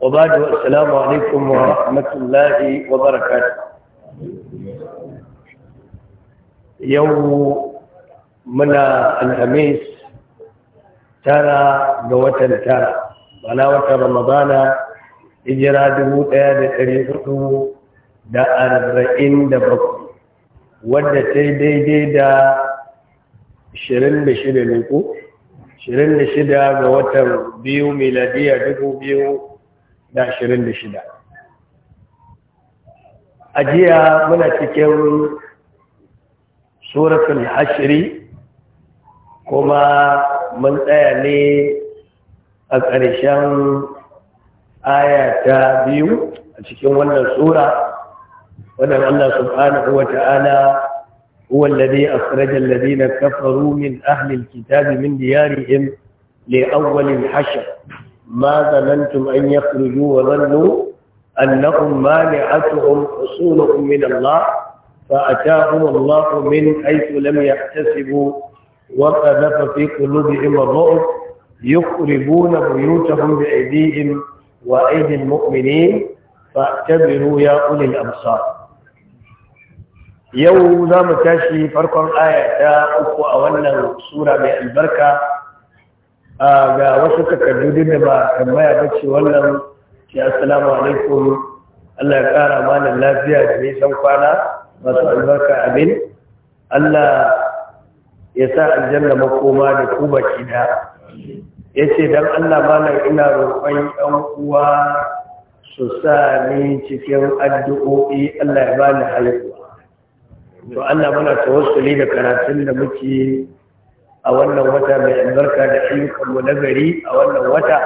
وبعد السلام عليكم ورحمة الله وبركاته يوم منا الخميس ترى نوتا ترى وانا وتا رمضان اجرى دمو تيادة دا أربعين دا بكو ودا تيدي دي دا شرين بشرين لكو شرين بشرين بيو ميلادية دكو بيو da A jiya muna cikin suratul hashiri kuma mun tsaya ne a ƙarshen aya biyu a cikin wannan sura wannan Allah subhanahu wa ta'ala huwa alladhi akhraja alladhina kafaru min ahli alkitabi min diyarihim li awwalil hashr ما ظننتم أن يخرجوا وظنوا أنهم مانعتهم حصولهم من الله فأتاهم الله من حيث لم يحتسبوا وقذف في قلوبهم الرعب يخربون بيوتهم بأيديهم وأيدي المؤمنين فاعتبروا يا أولي الأبصار يوم ذا متاشي فرق الآية أكو أولا سورة من البركة a ga wasu takardu duk da ba tambaya ba ce wannan ke assalamu alaikum Allah ya kara mana lafiya da nisan kwana masu albarka abin. Allah ya sa aljanna makoma da ku baki da ya ce don Allah malam ina roƙon ‘yan uwa su sa ni cikin addu'o'i Allah ya bani haihuwa to Allah mana tawassuli da karatun da muke a wannan wata ayyukan mu nagari a wannan wata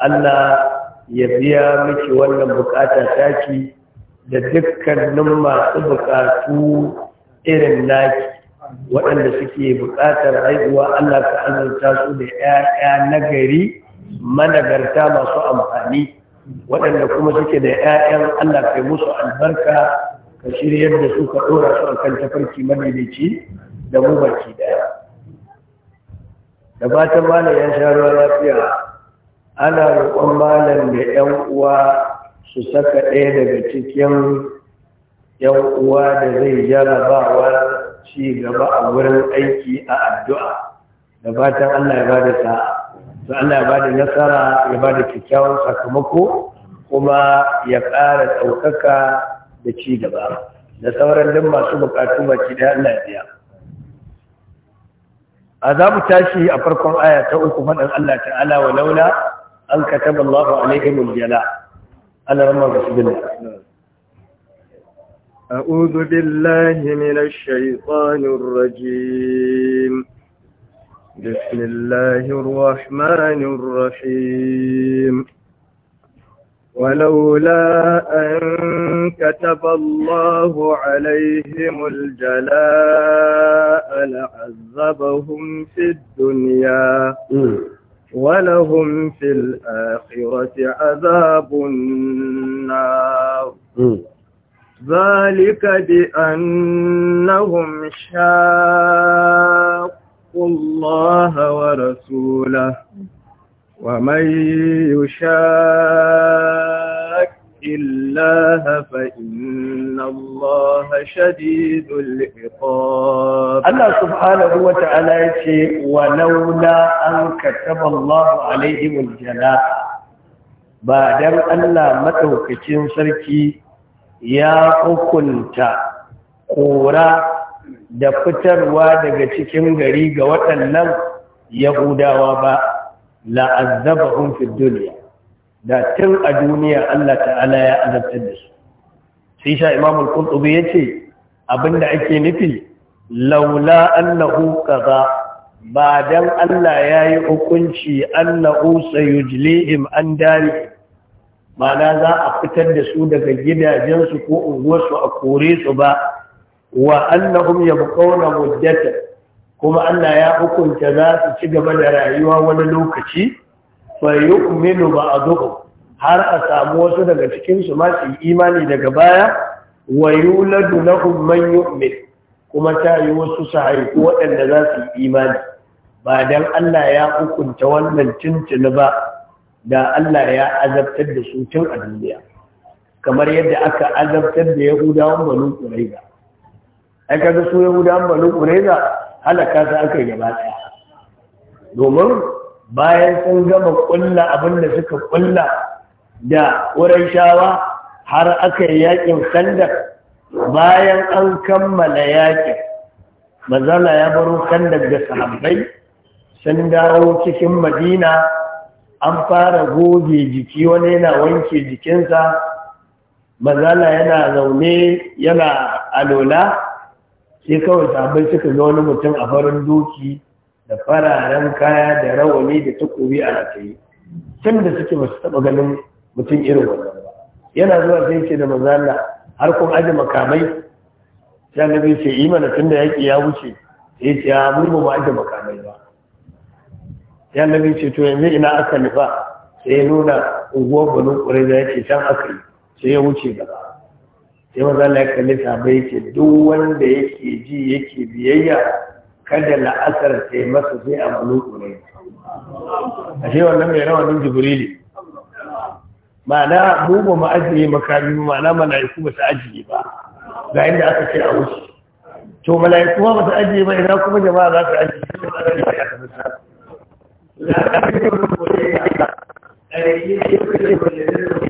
Allah ya biya miki wannan bukata taki da dukkanin masu bukatu irin naki waɗanda suke bukatar haihuwa Allah ka azurta su da 'ya'ya nagari managarta masu amfani waɗanda kuma suke da 'ya'yan Allah ka musu albarka ka shiryar da su ka ɗora su a kan tafarki madaidaici da mu baki daya da fatan malam ya sha ruwa lafiya ana roƙon malam da yan uwa su saka ɗaya daga cikin yan uwa da zai jarabawa ci gaba a wurin aiki a addu'a da fatan Allah ya ba da sa'a to Allah ya ba da nasara ya ba da kyakkyawan sakamako kuma ya ƙara ɗaukaka da ci gaba da sauran duk masu buƙatu baki da Allah ya biya a za mu tashi a farkon aya ta uku faɗin Allah ta'ala wa laula an kataba Allahu alaihim aljala ala ramman rasulullah أعوذ بالله من الشيطان الرجيم بسم الله الرحمن الرحيم ولولا أن كتب الله عليهم الجلاء لعذبهم في الدنيا ولهم في الآخرة عذاب النار ذلك بأنهم شاقوا الله ورسوله ومن يشاك الله فإن الله شديد العقاب الله سبحانه وتعالى يقول ولولا أن كتب الله عليهم الجلاء بعد أن لا متوكتين سركي ya hukunta kora da fitarwa daga cikin gari ga waɗannan yahudawa ba la'azzabahum fid dunya da tun a duniya Allah ta'ala ya azabtar da su sai sha Imam al-Qurtubi yace abinda ake nufi laula annahu qaza ba dan Allah yayi hukunci annahu sayujlihim an dari ma'ana za a fitar da su daga gidajensu ko unguwarsu a kore su ba wa annahum yabqawna muddatan kuma Allah ya hukunta za su ci gaba da rayuwa wani lokaci yi ba a ba'dhum har a samu wasu daga cikinsu masu ma imani daga baya wa na lahum yi yu'min kuma ta yi wasu su haiku waɗanda za su yi imani ba don Allah ya hukunta wannan cincin ba da Allah ya azabtar da su tun a duniya kamar yadda aka azabtar da Yahudawan Banu Qurayza ai kaga su Yahudawan Banu ƙuraiza halaka ta aka da ɗaya domin bayan sun gama ƙulla abin da suka ƙulla da wurin shawa har aka yi yakin kandar bayan an kammala yakin mazala ya baro kandar da sahabbai sun dawo cikin madina an fara goge jiki wani yana wanke jikinsa mazala yana zaune yana alola sai kawai sahabbai suka ga wani mutum a farin doki da fararen kaya da rawani da takobi a rataye can da suke ba su taɓa ganin mutum irin wannan ba yana zuwa sai ce da manzana har kun aji makamai sai annabi ce imana tunda yaƙi ya wuce sai ce ya mun ba aji makamai ba sai annabi ce to yanzu ina aka nufa sai ya nuna unguwar banu ƙurai da yake can aka yi sai ya wuce gaba sai maza Allah ya kalli ya ce, duk wanda yake ji yake biyayya kada la'asar sai masa sai a maluku ne ashe wannan mai nan jibrili ma'ana mu ba mu ajiye makami ma'ana mala'iku ba su ajiye ba ga inda aka ce a wuce to mala'iku ba su ajiye ba idan kuma jama'a za su ajiye su ba za su ajiye ba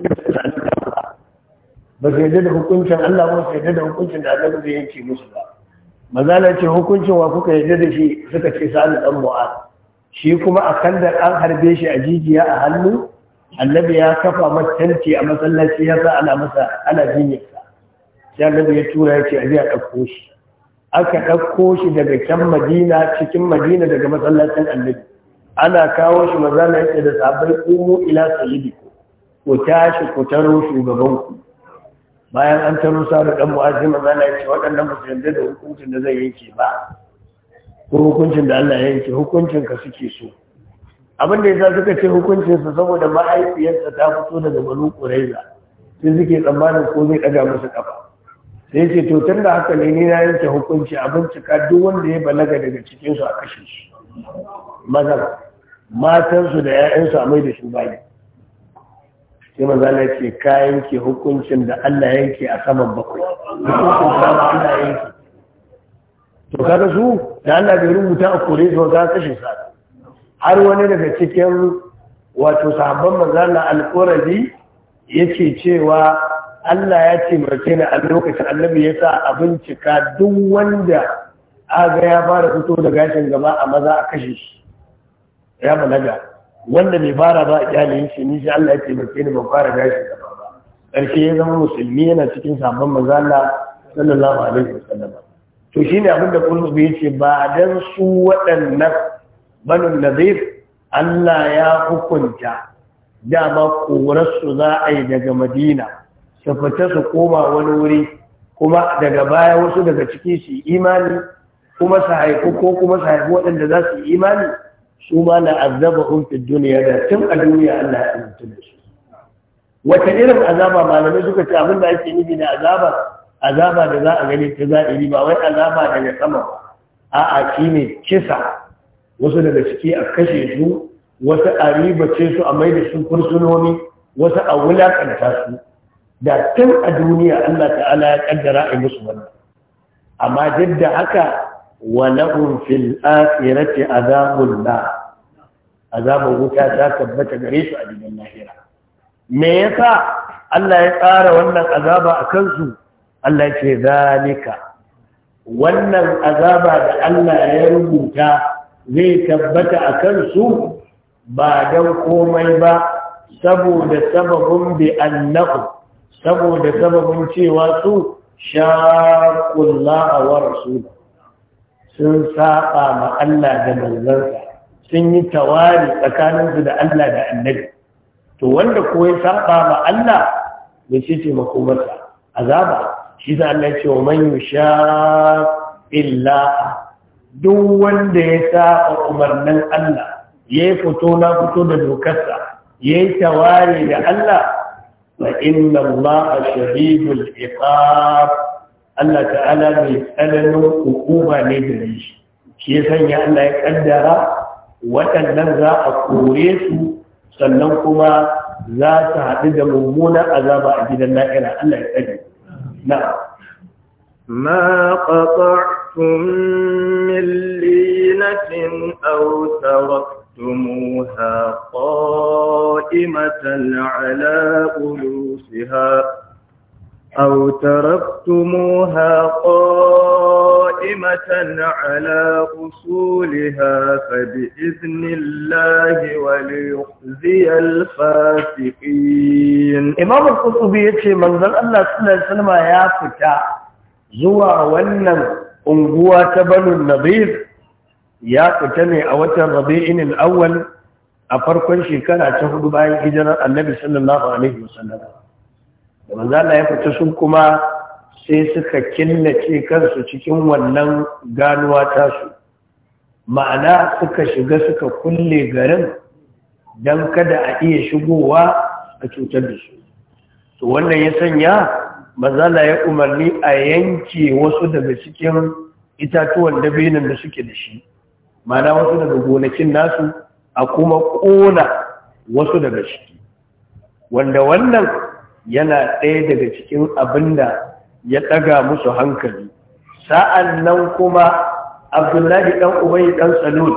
ba su yadda da hukuncin Allah ba su yadda da hukuncin da annabi zai yanke musu ba mazala ce hukuncin wa kuka yadda da shi suka ce sa'ad dan mu'ad shi kuma a kandar an harbe shi a jijiya a hannu annabi ya kafa matanci a masallaci ya sa ana masa ana jinyarsa sai annabi ya tura ya ce a je a ɗauko shi aka ɗauko shi daga can madina cikin madina daga masallacin annabi ana kawo shi mazala ya ce da sabai umu ila sayidi ku tashi ku taro shugabanku bayan an taro da dan mu'azi manzana yace ce waɗannan ba su yarda da hukuncin da zai yanke ba ko hukuncin da Allah ya yanke hukuncin ka suke so abin da yasa suka ce hukuncin sa saboda mahaifiyarsa ta fito daga banu quraiza sai suke tsammanin ko zai daga musu kafa sai ce to tun da haka ne ni na yanke hukunci a bincika duk wanda ya balaga daga cikin a kashe shi maza matansu da 'ya'yansu a mai da shi bane. sai manzo na ce ka yanke hukuncin da Allah yanke a saman bakwai hukuncin da Allah yanke to kaga su da Allah bai rubuta a kore su ga kashe sa har wani daga cikin wato sahabban manzo Allah alqurabi yake cewa Allah ya mace ni a lokacin annabi ya sa a bincika duk wanda aga ya fara fito da gashin gaba a maza a kashe shi ya balaga wanda bai fara ba a shi ni shi Allah ya taimake ni ban fara gashi da ba karshe ya zama musulmi yana cikin sabon manzo Allah sallallahu alaihi wasallam to shine abin da Qurtubi yace ba dan su waɗannan banu nadir Allah ya hukunta dama korarsu za a yi daga Madina su fita su koma wani wuri kuma daga baya wasu daga ciki su imani kuma su haiku ko kuma su haiku waɗanda za su imani su ma na azaba umfin duniya da tun a duniya Allah ya amintu da su wata irin azaba malamai suka ce abin da ake nufi da azaba azaba da za a gani ta za'iri ba wai azaba daga sama ba a'a shi ne kisa wasu daga ciki a kashe su wasu a ribace su a mai da su fursunoni wasu a wulakanta su da tun a duniya Allah ta'ala ya ƙaddara a musu wannan amma duk da haka ولهم في الآخرة عذاب النار عذاب wuta ta tabbata gare su a gidan lahira me yasa Allah ya tsara wannan azaba a kansu Allah ce zalika wannan azaba da Allah ya rubuta zai tabbata a kansu ba don komai ba saboda sababin bi annahu saboda sababin cewa su shaqullaha wa rasulahu sun saba ma Allah da manzansa sun yi tawari tsakaninsu da Allah da annabi to wanda ko ya saba ma Allah da shi ce makomarsa azaba shi za Allah ce wa man yusha illa duk wanda ya saba umarnin Allah ya yi fito na fito da dokarsa ya yi tawari da Allah fa inna Allah shadidul iqab Allah ta'ala mai tsananin hukuma ne da shi shi ya sanya Allah ya kaddara waɗannan za a kore su sannan kuma za su haɗu da mummunan azaba a gidan na'ira Allah ya tsare na'am ما قطعتم من لينة أو تركتموها قائمة على ألوسها أو تركتموها قائمة على أصولها فبإذن الله وليخزي الفاسقين إمام القطبي يتشي منظر الله صلى الله عليه وسلم يا فتا زوا ونن أنقوى تبن النظير يا فتني أوتا ربيع الأول أفرقا شكرا تهدو باي هجرة النبي صلى الله عليه وسلم da manzo Allah ya fita sun kuma sai suka killace kansu cikin wannan ganuwa su. ma'ana suka shiga suka kulle garin don kada a iya shigowa a cutar da su to wannan ya sanya mazala ya umarni a yanke wasu daga cikin itatuwan dabinin da suke da shi ma'ana wasu daga gonakin nasu a kuma kona wasu daga ciki wanda wannan yana ɗaya daga cikin abin da ya ɗaga musu hankali sa'an nan kuma abdullahi ɗan ubai ɗan salon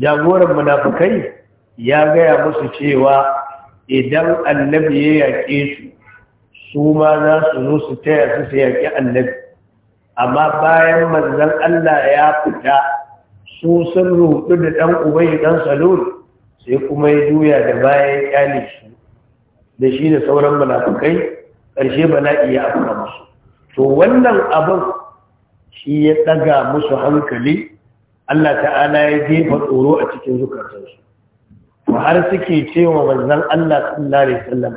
jagoran munafukai ya gaya musu cewa idan annabi ya yaƙe su su ma za su zo su taya su su yaƙi annabi amma bayan manzan Allah ya fita su sun rudu da ɗan ubai ɗan salon sai kuma ya juya da bayan ya shi da shi da sauran munafukai ƙarshe bala'i ya afka musu to wannan abin shi ya daga musu hankali Allah ta'ala ya jefa tsoro a cikin zukatansu to har suke cewa manzon Allah sallallahu alaihi wasallam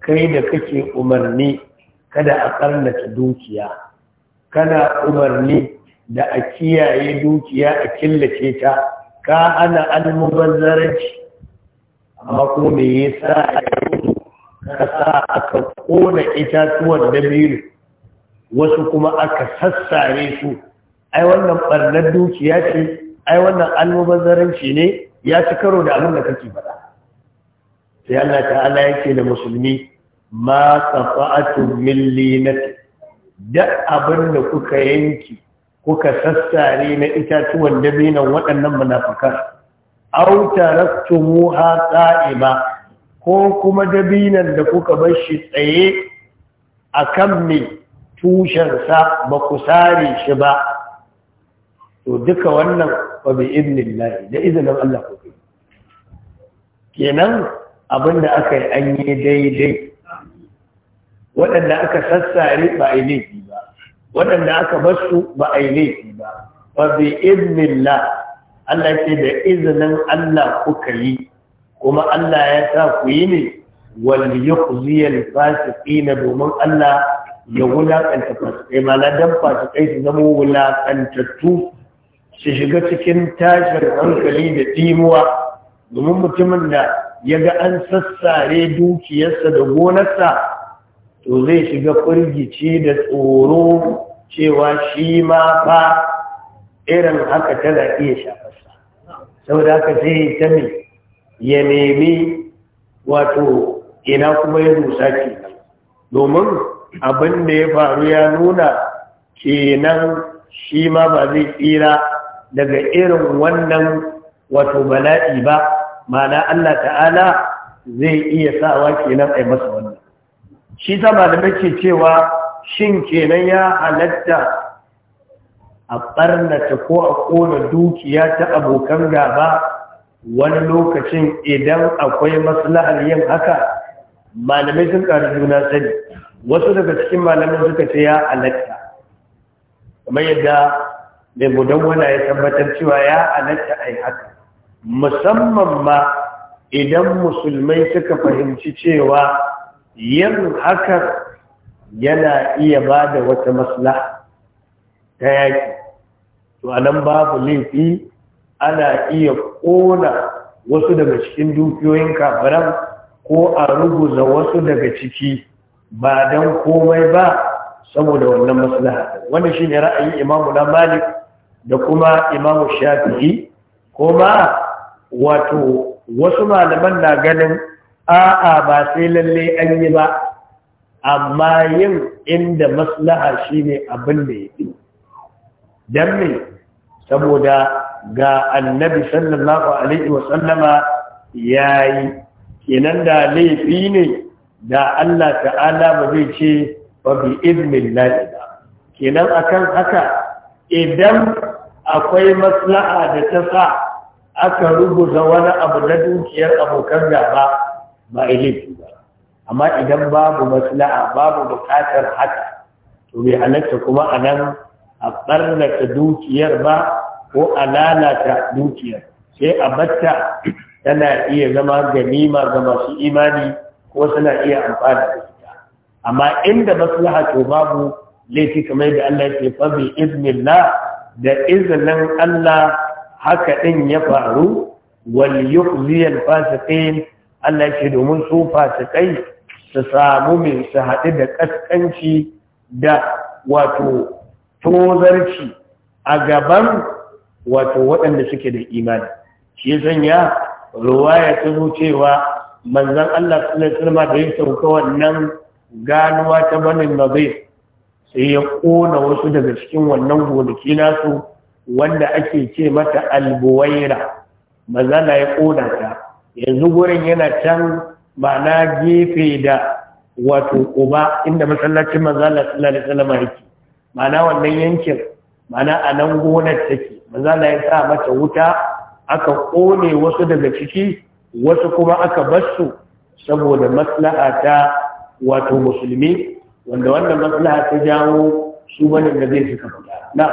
kai da kake umarni kada a karnata dukiya kana umarni da a kiyaye dukiya a killace ta ka ana almubazzaranci amma kuma me yasa ka sa aka kona itatuwan dabiru? wasu kuma aka sassare su ai wannan barnar dukiya ce ai wannan almubazzaranci ne ya ci karo da abin da kake faɗa sai Allah ta'ala yake da musulmi ma safa'atu min da abin da kuka yanki kuka sassare na itatuwan dabinan waɗannan munafikan aw taraktumuha qa'ima ko kuma dabinan da kuka bar shi tsaye akan me tushensa ba ku sare shi ba to duka wannan wa bi idnillahi da izinin Allah ku kenan abinda aka yi an yi daidai waɗanda aka sassare ba a yi laifi ba waɗanda aka basu ba a yi laifi ba wa bi idnillah Allah ce da izinin Allah kuka yi kuma Allah ya sa ku yi ne wal yuqziyal fasiqin domin Allah ya wulakanta fasikai ma na dan su zama wulaƙantattu, su shiga cikin tashin hankali da timuwa domin mutumin da ya ga an sassare dukiyarsa da gonarsa to zai shiga firgici da tsoro cewa shi ma fa irin haka tana iya shafa saboda haka sai ta ne ya nemi wato ina kuma ya dusa ke domin abin da ya faru ya nuna kenan shi ma ba zai tsira daga irin wannan wato bala'i ba mana Allah ta'ala zai iya sawa kenan a yi masa wannan shi ta malamai ke cewa shin kenan ya halatta a ɓarnata ko a ƙona dukiya ta abokan gaba wani lokacin idan akwai maslahar yin haka malamai sun ƙari juna sani wasu daga cikin malamai suka ce ya alatta kamar yadda mai mudawwana ya tabbatar cewa ya alatta a yi haka musamman ma idan musulmai suka fahimci cewa yin hakan yana iya ba da wata maslaha ta yaki. to a nan babu laifi ana iya ƙona wasu daga cikin dukiyoyin kafiran ko a ruguza wasu daga ciki ba don komai ba saboda wannan maslaha shi shine ra'ayin imamu na malik da kuma imamu shafi'i ma wato wasu malaman na ganin a'a ba sai lalle an yi ba amma yin inda maslaha shine abin da ya fi dan me saboda ga annabi sallallahu alaihi wasallama yayi kenan da laifi ne da Allah ta'ala ba zai ce ba bi iznillahi ba kenan akan haka idan akwai maslaha da ta sa aka rubuta wani abu na dukiyar abokan gaba ba laifi ba amma idan babu maslaha babu bukatar haka to bai halatta kuma a nan a ɓarnata dukiyar ba ko a lalata dukiyar sai a batta tana iya zama ganima ga masu imani ko tana iya amfana da ita amma inda maslaha to babu laifi kamar da Allah ke fa bi iznillah da izinin Allah haka din ya faru wal yukhzi al fasiqin Allah ya ke domin su fasikai su samu min su da kaskanci da wato tozarci a gaban wato waɗanda suke da imani shi ya sanya ruwa ya tuzo cewa manzan Allah sallallahu da ya sauka wannan ganuwa ta banin mabe sai ya ƙona wasu daga cikin wannan gonaki nasu wanda ake ce mata albuwaira mazana ya ƙona ta yanzu gurin yana can ma'ana gefe da wato uba inda masallacin manzala sallallahu alaihi wasallam yake mana wannan yankin mana a nan gonar take maza na ya sa mata wuta aka kone wasu daga ciki wasu kuma aka basu saboda maslaha ta wato musulmi wanda wannan maslaha ta jawo su wani da zai suka fita na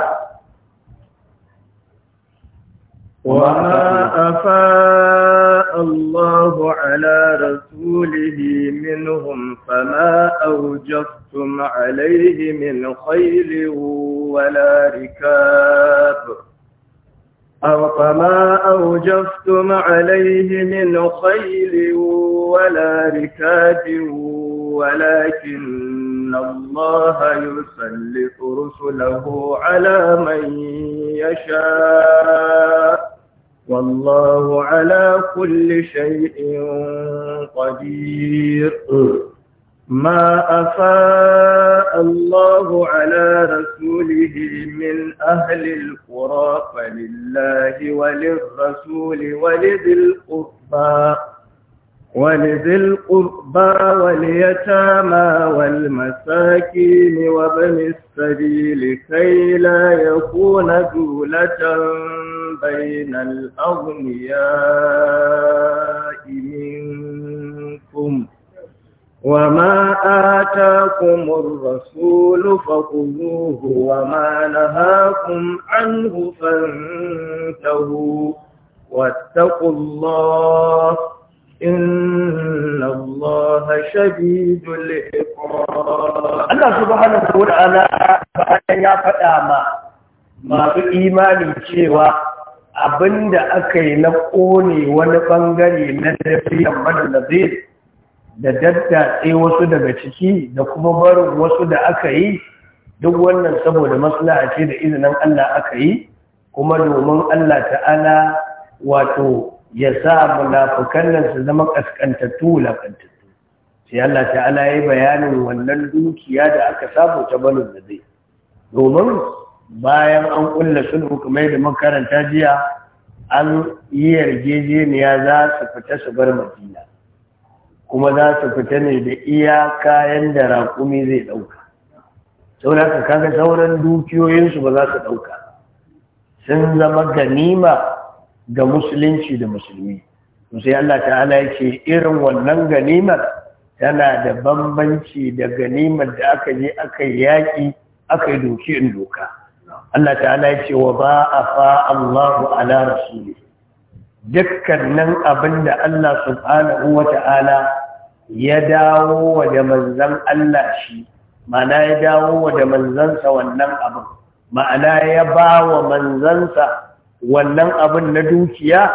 وما أفاء الله على رسوله رسوله منهم فما أوجفتم عليه من خيل ولا ركاب أو فما أوجفتم عليه من خيل ولا ركاب ولكن الله يسلط رسله على من يشاء والله على كل شيء قدير ما أفاء الله على رسوله من أهل القرى فلله وللرسول ولذي القربى ولذي القربى واليتامى والمساكين وابن السبيل كي لا يكون دولة بين الأغنياء منكم وما آتاكم الرسول فخذوه وما نهاكم عنه فانتهوا واتقوا الله إن الله شديد العقاب الله سبحانه وتعالى bayan ya faɗa ma masu imani cewa abinda aka yi na ƙone wani ɓangare na tafiyan da da daddatse wasu daga ciki da kuma barin wasu da aka yi duk wannan saboda maslaha ce da izinin Allah aka yi kuma domin Allah ta'ala wato ya sa munafukan nan su zama kaskantattu wulakantattu sai Allah ta'ala ya yi bayanin wannan dukiya da aka samu ta banu da zai domin bayan an kulla sun hukumai da makaranta jiya an yi yarjejeniya za su fita su bar madina kuma za su fita ne da iya kayan da raƙumi zai ɗauka saboda kaga sauran dukiyoyinsu ba za su ɗauka sun zama ganima ga musulunci da musulmi sai Allah ta'ala ya ce irin wannan ganimar tana da bambanci da ganimar da aka je aka yaƙi aka yi doki in doka Allah ta'ala ya ce wa ba a fa Allahu ala rasuli dukkanin abin da Allah subhanahu wa ta'ala ya dawo wa da manzan Allah shi ma'ana ya dawo wa da manzansa wannan abin ma'ana ya ba wa manzansa wannan abin na dukiya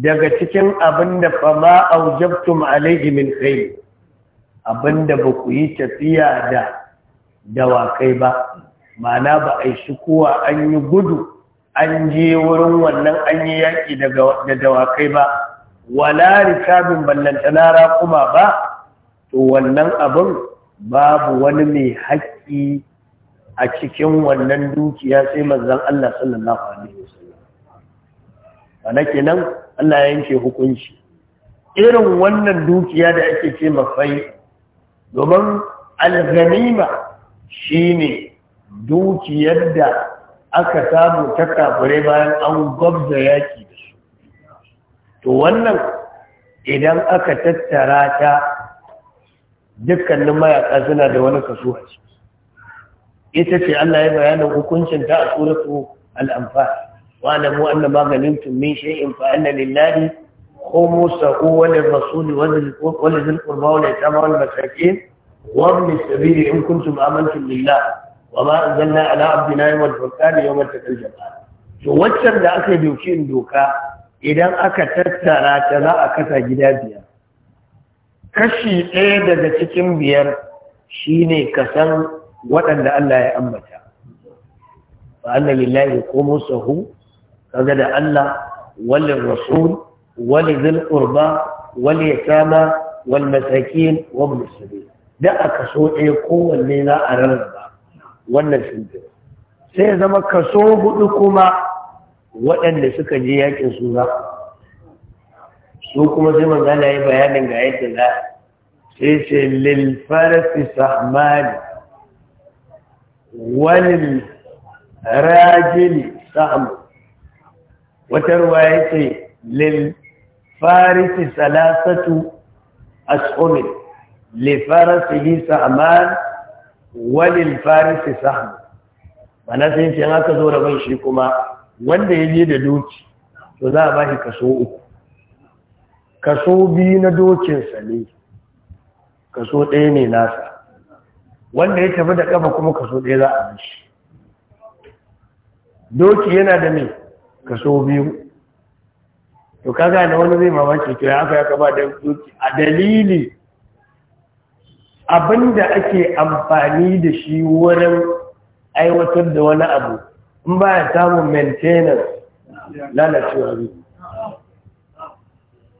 daga cikin abin da fama aujabtum alaihi min kai abin da ba ku yi tafiya da dawakai ba mana ba a yi shikuwa an yi gudu an je wurin wannan an yi yaƙi da dawakai ba wala rikabin ballantana kuma ba to wannan abin babu wani mai haƙƙi a cikin wannan dukiya sai manzon Allah sallallahu alaihi ana kenan Allah ya yanke hukunci irin wannan dukiya da ake ce mafai domin alganima shine dukiyar da aka samu ta kafure bayan an gwabza yaki da su to wannan idan aka tattara ta dukkanin mayaka suna da wani kaso a ciki ita ce Allah ya bayanin hukuncin ta a suratu anfal واعلموا أن ما غنمتم من شيء فأن لله خمسه وللرسول ولذي القربى واليتامى والمساكين وابن السبيل إن كنتم آمنتم بالله وما أنزلنا على عبدنا يوم الفرقان يوم التقى الجمعان to waccan da aka dokin doka idan aka tattara ta za a kasa gida biyar kashi ɗaya daga cikin biyar shine kasan waɗanda Allah ya ambata fa anna lillahi qumusuhu kaga da Allah wal rasul wal dhil qurba wal yatama wal masakin wa ibn sabil da aka so ɗaya kowanne na a rarraba wannan shimfiɗa sai zama kaso hudu kuma waɗanda suka je yakin su za su kuma sai man yi bayanin ga yadda za sai ce lilfarasi sahmani walil rajili sahmani wata ruwa ya ce lil farisi salasatu ashumin lil farisihi sa'man walil farisi mana sai ce haka zo da shi kuma wanda ya je da doki to za a ba shi kaso uku kaso biyu na dokinsa ne kaso ɗaya ne nasa wanda ya tafi da ƙafa kuma kaso ɗaya za a shi doki yana da mai kaso biyu to kaga da wani zai mamaki to ya aka ya ba da duki a dalili abinda ake amfani da shi wurin aiwatar da wani abu in ba ya samun maintenance lalacewa zai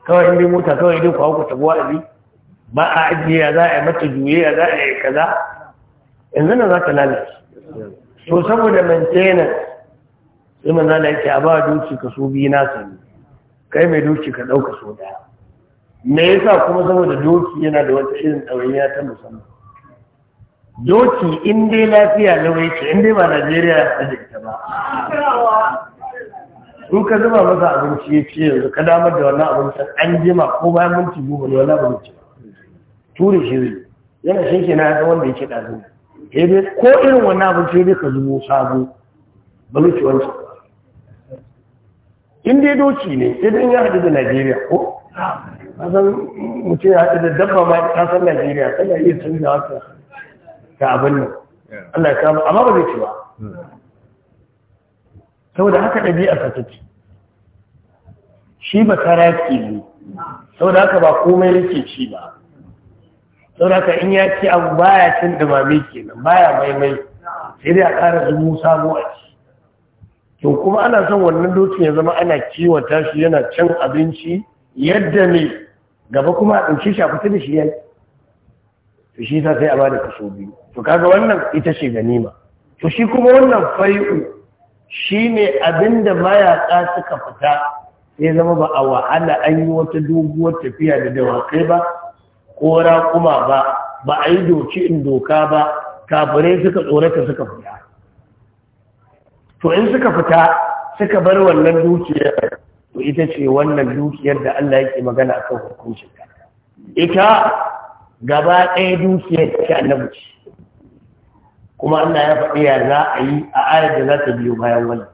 kawai inda mota kawai idan kwa ku buwa abi ba a ajiye za a yi mata juye za a yi kaza yanzu na za ta lalace to saboda maintenance sai manzo Allah yake a ba doki ka so biyu na sani kai mai doki ka dauka so daya me yasa kuma saboda doki yana da wata irin ɗawainiya ta musamman doki in dai lafiya lawai ce in dai ba Najeriya a jikta ba in ka zuba masa abinci ya ce yanzu ka damar da wannan abinci an jima ko bayan minti goma wani abinci ture shi zai yana shi ke na yasa wanda ke ɗazu ko irin wannan abinci ya ka zubo sabo ba wancan in dai doki ne idan ya haɗu da najeriya ko kasan mutum ya haɗu da dabba ma ta san najeriya tana iya canza haka ga abin nan allah ya samu amma ba zai ci ba saboda haka ɗabi'a ta take shi ba saraki ne saboda haka ba komai yake ci ba saboda haka in ya ci abu baya cin dumame kenan baya maimai sai dai a ƙara zumu sabo a ci to kuma ana son wannan dokin ya zama ana kiwata shi yana can abinci yadda ne gaba kuma a ɗauki shi a da shi yai to shi sa sai a bada kaso biyu to kaga wannan ita ce ganima to shi kuma wannan fai'u shine da mayaƙa suka fita sai zama ba a wahala an yi wata doguwar tafiya da dawakai ba ko raƙuma ba ba a yi doki in doka ba kafirai suka tsorata suka fita to in suka fita suka bar wannan dukiyar to ita ce wannan dukiyar da Allah yake magana a kan hukuncin ka. ita gaba ɗaya dukiyar ta annabi kuma Allah ya faɗi ya za a yi a ayar da za ta biyo bayan wannan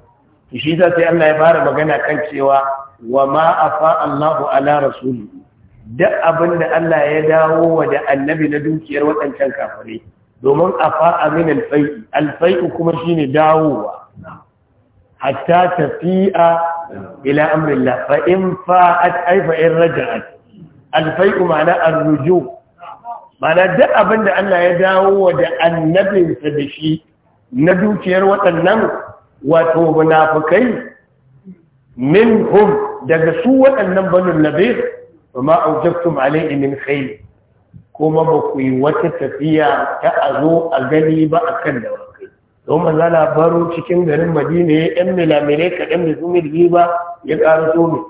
to shi sai Allah ya fara magana kan cewa wa ma afa Allahu ala rasuli Da abin da Allah ya dawo wa da annabi na dukiyar waɗancan kafare domin afa aminin fai'i alfai'u kuma shine dawowa hatta tafi'a ila amrillah fa in fa'at ay in raja'at alfai'u ma'ana al-rujo. ma'ana duk abinda Allah ya dawo da annabinsa da shi na dukiyar waɗannan wato min minhum daga su waɗannan banu ba kuma aujabtum alayhi min khayr kuma ba ku yi wata tafiya ta azo a gani ba akan dawa don za baro cikin garin madina ya yan milamire kaɗan da zumi da ba ya ƙara so mai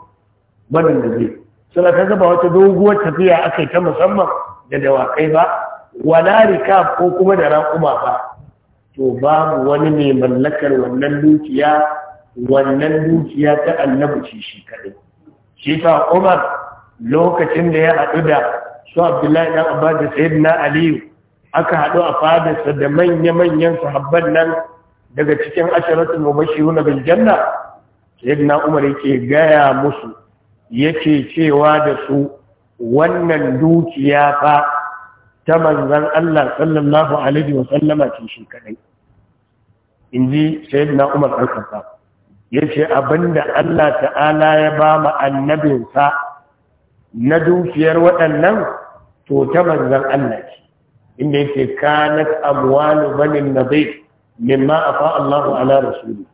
barin da zai suna ta gaba wata doguwar tafiya aka ta musamman da dawakai ba wala rika ko kuma da raƙuma ba to babu wani mai mallakar wannan dukiya wannan dukiya ta annabi ce shi kaɗai shi ta umar lokacin da ya haɗu da su abdullahi ɗan abba da sayyidina aliyu aka haɗu a fadarsa da manya-manyan sahabban nan daga cikin asharatul mubashiruna bin janna sayyidina umar yake gaya musu yake cewa da su wannan dukiya fa ta manzon Allah sallallahu alaihi wa sallama ce shi kadai inji sayyidina umar al Ya ce abinda Allah ta'ala ya ba mu annabinsa na dukiyar waɗannan to ta manzon Allah ce inda yake kanat amwalu banin nadir mimma afa Allahu ala rasuli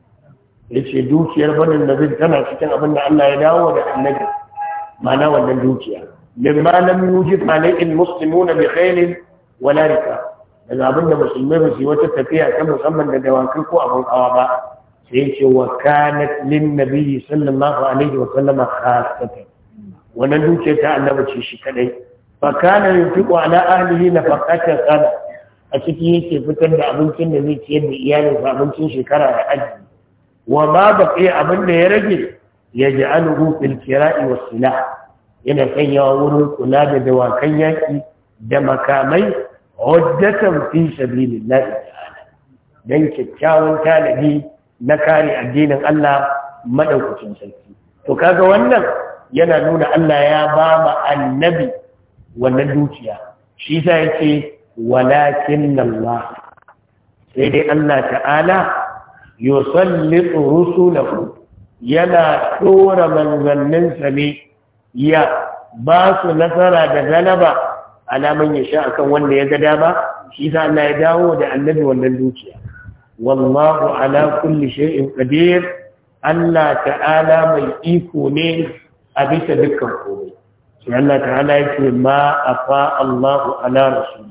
yace dukiyar banin nadir tana cikin abin da Allah ya dawo da annabi mana wannan dukiya mimma lam yujid alayhi almuslimuna bi khayl wala rika daga abin da musulmai ba su yi wata tafiya ta musamman da dawakai ko abin hawa ba sai yace wa kanat lin nabiyyi sallallahu alaihi wa sallama khassatan wannan dukiyar ta annabi ce shi kadai fakana yunfiqu ala na nafaqatan sana a ciki yake fitar da abincin da zai ciyar da iyalinsa abincin shekara da aji wa ma baqi abin da ya rage yaj'aluhu fil kira'i wa silah yana sanyawa wurin kula da dawakan yaki da makamai uddatan fi sabilillah ta'ala Don kyakkyawan tanadi na kare addinin Allah maɗaukacin sarki to kaga wannan yana nuna Allah ya ba mu annabi wannan dukiya shi ya yake walakin Allah sai dai Allah ta'ala yusallitu rusulahu yana tura manzanninsa ne ya ba su nasara da galaba alaman ya sha akan wanda ya ga dama shi sa Allah ya dawo da annabi wannan dukiya wallahu ala kulli shay'in qadir Allah ta'ala mai iko ne a bisa dukkan komai sai Allah ta'ala yake ma afa Allahu ala rasuli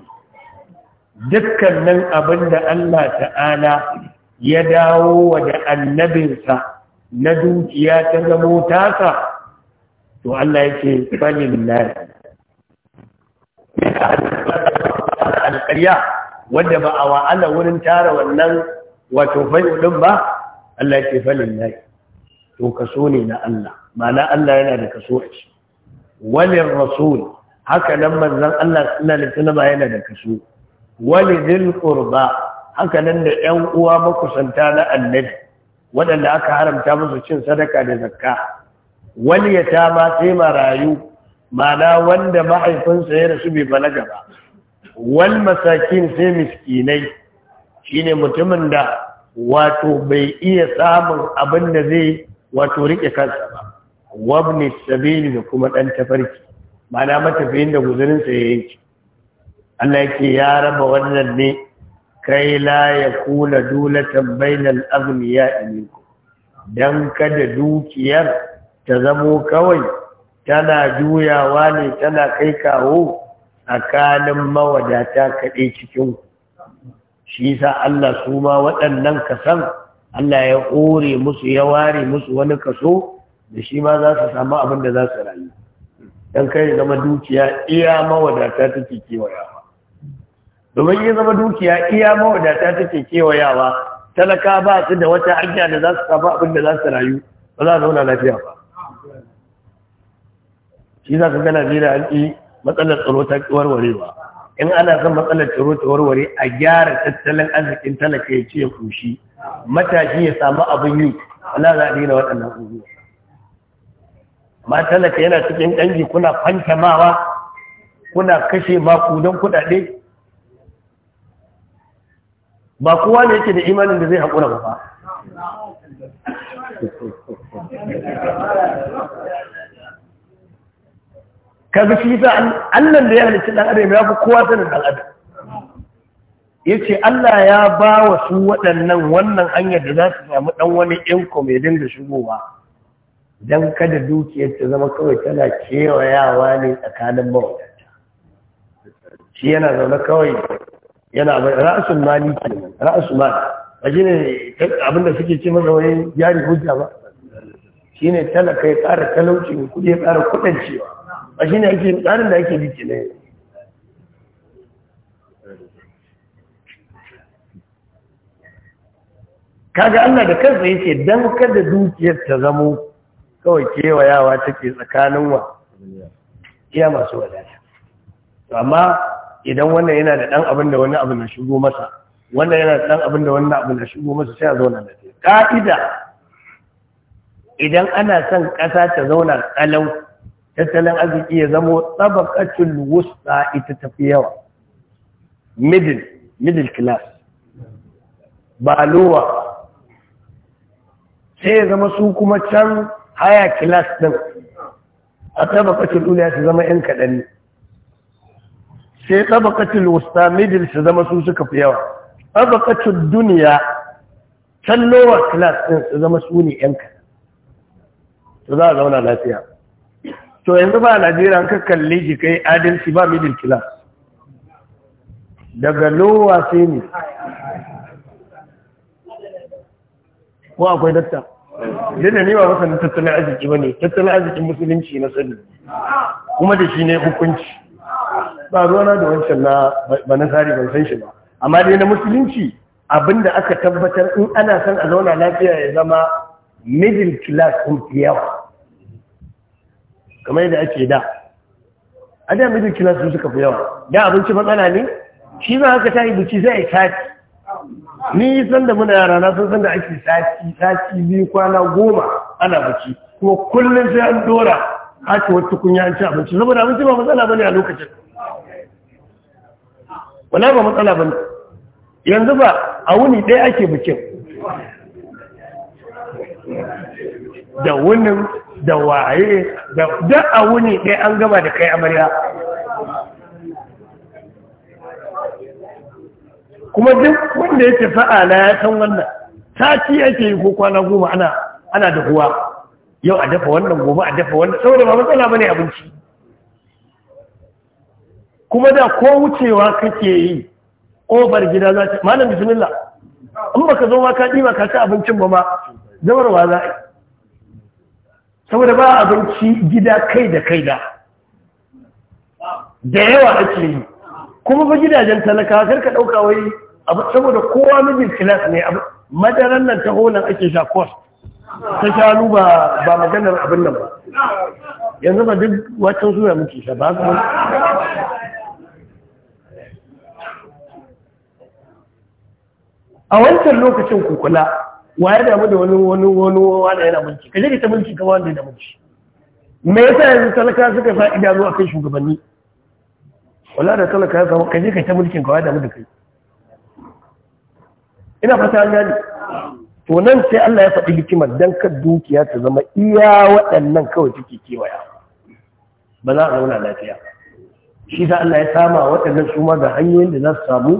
dukkanin abinda Allah ta'ala ya dawo wa da annabinsa na dukiya ta zamo tasa to Allah yake falin lahi alƙarya wanda ba a wa'ala wurin tara wannan wato fai'u din ba Allah yake falin lahi to kaso ne na Allah ma'ana Allah yana da kaso a shi walin rasul haka nan manzon Allah sallallahu ba yana da kaso walidil qurba haka nan da 'yan uwa makusanta na annabi waɗanda aka haramta musu cin sadaka da zakka wani ya ma sai marayu mana wanda mahaifinsa ya rasu bai balaga ba wal masakin sai miskinai shine mutumin da wato bai iya samun abin da zai wato rike kansa ba wabni sabili da kuma ɗan tafarki mana matafiyin da guzurin ya yake Allah yake ya raba wannan ne kai la ya kula dulatan bainal aghniya minkum dan kada dukiyar ta zamo kawai tana juyawa ne tana kai kawo tsakanin mawadata kaɗai cikin shi sa Allah su ma waɗannan kasan Allah ya ƙore musu ya ware musu wani kaso da shi ma za su samu abin da za su rayu don kai zama dukiya iya mawadata take kewayawa domin yi zama dukiya iya mawadata take kewayawa talaka ba su da wata hanya da za su samu abin da za su rayu ba za su zauna lafiya ba shi za ka gana jira an ƙi matsalar tsaro ta warwarewa in ana son matsalar tsaro ta warware a gyara tattalin arzikin talaka ya ce ya kushi matashi ya samu abin yi ala za a daina waɗannan abubuwa ma talaka yana cikin dangi kuna fantamawa kuna kashe makudan kudade ba kowa ne yake da imanin da zai haƙura ba kaga shi za annan da ya halicci ɗan adam ya fi kowa sanin ɗan adam ce Allah ya ba wa su waɗannan wannan hanyar da za su samu ɗan wani income ya dinga shigowa don kada dukiyar ta zama kawai tana kewayawa ne tsakanin mawadanta shi yana zaune kawai yana ra'asun mali ke ra'asun mali ba shi ne abinda suke ce masa wani jari hujja ba shi ne talaka ya tsara talaucin kudi ya tsara kudin cewa ba shi ne ake tsarin da ake jiki ne kaga Allah da kansa yake dan kada dukiyar ta zamo kawai kewayawa take tsakanin wa iya masu wadata amma idan wannan yana da ɗan abin da wani abu na shigo masa wannan yana da ɗan abin da wani abu na shigo masa sai a zauna da ta ƙa'ida idan ana son ƙasa ta zauna ƙalau tattalin arziki ya zamo tsabakacin wusta ita tafi yawa middle middle class ba lowa sai ya zama su kuma can haya kilas ɗin a tabakacin duniya su zama 'yan kaɗan ne sai tabakacin wusta middle su zama su suka fi yawa tabakacin duniya can kilas ɗin su zama su ne 'yan kaɗan su za a zauna lafiya to yanzu ba a najeriya an ka kalli ji kai adalci ba middle kilas daga lowa sai ne ko akwai datta yadda ne ba masanin tattalin arziki ba ne tattalin arzikin musulunci na sani kuma da shi ne hukunci ba ruwana da wancan na ba na tsari ban san shi ba amma dai na musulunci abinda aka tabbatar in ana son a zauna lafiya ya zama middle class kun fi yawa kamar yadda ake da a da middle class su suka fi yawa da abinci matsala ne shi za haka ta yi buci zai tafi ni san da muna yara na san san da ake sati sati biyu kwana goma ana baki kuma kullum sai an dora ake wata kunya an ci abinci saboda abinci ba matsala bane a lokacin wala ba matsala bane yanzu ba a wuni ɗaya ake bikin da wunin da waye da a wuni ɗaya an gaba da kai amarya kuma duk wanda yake na ya san wannan sati yake yi ko kwana goma ana ana huwa. yau a dafa wannan gobe a dafa wannan saboda ba matsala bane abinci kuma da ko wucewa kake yi ƙofar gida za ta malam bismillah in baka zo ma ka ɗiba ka ci abincin ba ma zamarwa za a yi saboda ba abinci gida kai da kai da da yawa ake yi kuma ba gidajen talakawa ka ɗauka wai abu saboda kowa mijin class ne madaran nan ta holan ake sha kwas ta shanu ba ba maganar abin nan ba yanzu ba duk wacan zuwa muke sha ba su a wancan lokacin kukula wa ya damu da wani wani wani wani yana mulki kaje ka ta mulki ka wanda da mulki me yasa yanzu talaka suka sa idanu akan shugabanni wala da talaka ya samu kaje ka ta mulkin ka wa damu da kai ina fata an gani to nan sai Allah ya faɗi hikimar dan kan dukiya ta zama iya waɗannan kawai take kewaya ba za a zauna lafiya shi sa Allah ya sama waɗannan su ma ga hanyoyin da za su samu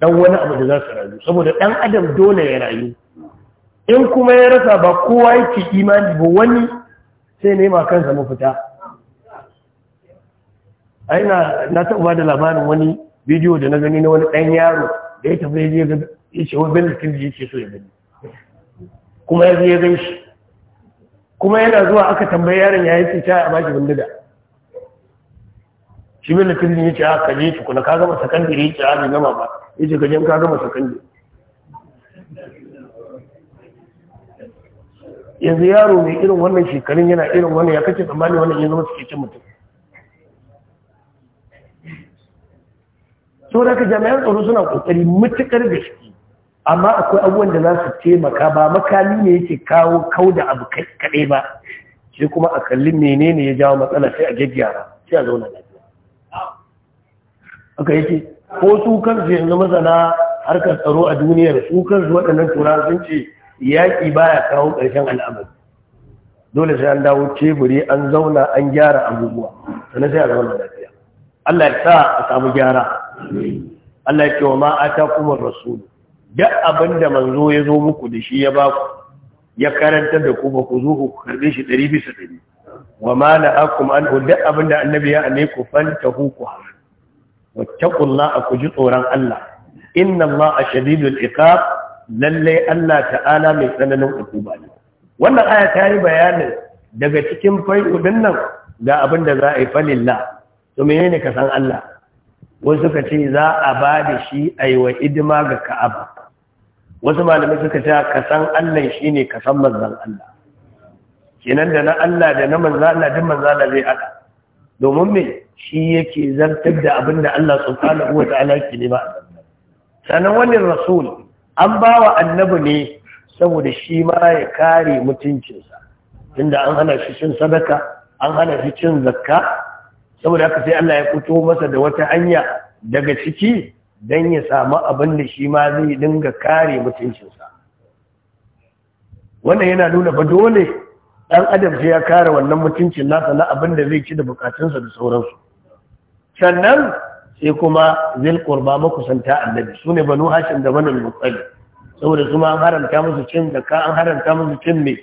dan wani abu da za su rayu saboda ɗan adam dole ya rayu in kuma ya rasa ba kowa yake imani ba wani sai nema kansa mafita ai na taɓa ba da labarin wani bidiyo da na gani na wani ɗan yaro da ya tafi ya je ya ce wai bello tv yake so ya gani kuma ya ya gan shi kuma yana zuwa aka tambayi yaron ya yi cuta a baki bindiga shi bello tv ya ce a ah, kaje tukuna ka gama sakandi ya ce a ah, bai gama ba ya ce gajen ka gama sakandi yanzu yaro mai irin wannan shekarun yana irin wannan ya kace tsammani wannan ya zama suke cin mutum so da ka jami'an tsaro suna kokari da gaske amma akwai abubuwan da za su taimaka ba makali ne yake kawo kau da abu kaɗai ba shi kuma a kallin menene ya jawo matsala sai a gaggyara sai a zauna lafiya aka yake ko su su yanzu masana harkar tsaro a duniyar su su waɗannan tura sun ce yaƙi baya kawo ƙarshen al'amari dole sai an dawo teburi an zauna an gyara abubuwa sannan sai a zauna lafiya Allah ya sa a samu gyara Allah ya ce wa ma kuma rasulu duk abin da manzo ya zo muku da shi ya ku, ya karantar da ku ba ku zo ku karbe shi ɗari bisa ɗari wa ma na akum an duk abin da annabi ya ane ku fanta ku ku wattaqullah a ku ji tsoron Allah inna a shadidul iqab lalle Allah ta'ala mai tsananin hukuma ne wannan aya ta yi bayanin daga cikin fa'idodin nan ga abin da za a yi falilla to menene ka san Allah wasu ka ce za a ba da shi a yi wa idima ga ka'aba wasu malamai suka ce ka san Allah shine ka san manzon Allah kenan da na Allah da na Allah duk manzon Allah zai haɗa domin me shi yake zartar da abin da Allah subhanahu wa ta'ala yake nema sanan wannan rasul an bawa annabi ne saboda shi ma ya kare mutuncinsa inda an hana shi cin sadaka an hana shi cin zakka saboda haka sai Allah ya fito masa da wata hanya daga ciki don ya samu abin da shi ma zai dinga kare mutuncinsa wannan yana nuna ba dole ɗan adam sai ya kare wannan mutuncin nasa na abin da zai ci da bukatunsa da sauransu sannan sai kuma zai kurba makusanta annabi Sune ne banu hashin da banu mutsali saboda su ma an haramta musu cin da ka an haramta musu cin mai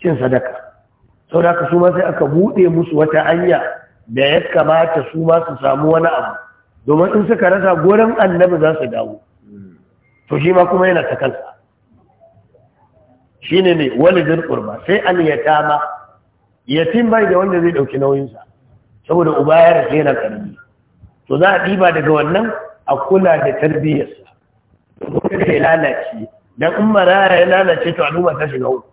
cin sadaka saboda ka su sai aka buɗe musu wata hanya da ya kamata su ma su samu wani abu domin in suka rasa goron annabi za su dawo to shi ma kuma yana ta shi ne ne zirkur ba sai an yi yatama yatim bai da wanda zai ɗauki nauyinsa saboda uba ya rasu yana ƙarfi to za a ɗiba daga wannan a kula da tarbiyyarsa kuma ya lalace don in maraya ya lalace to al'umma ta shiga uku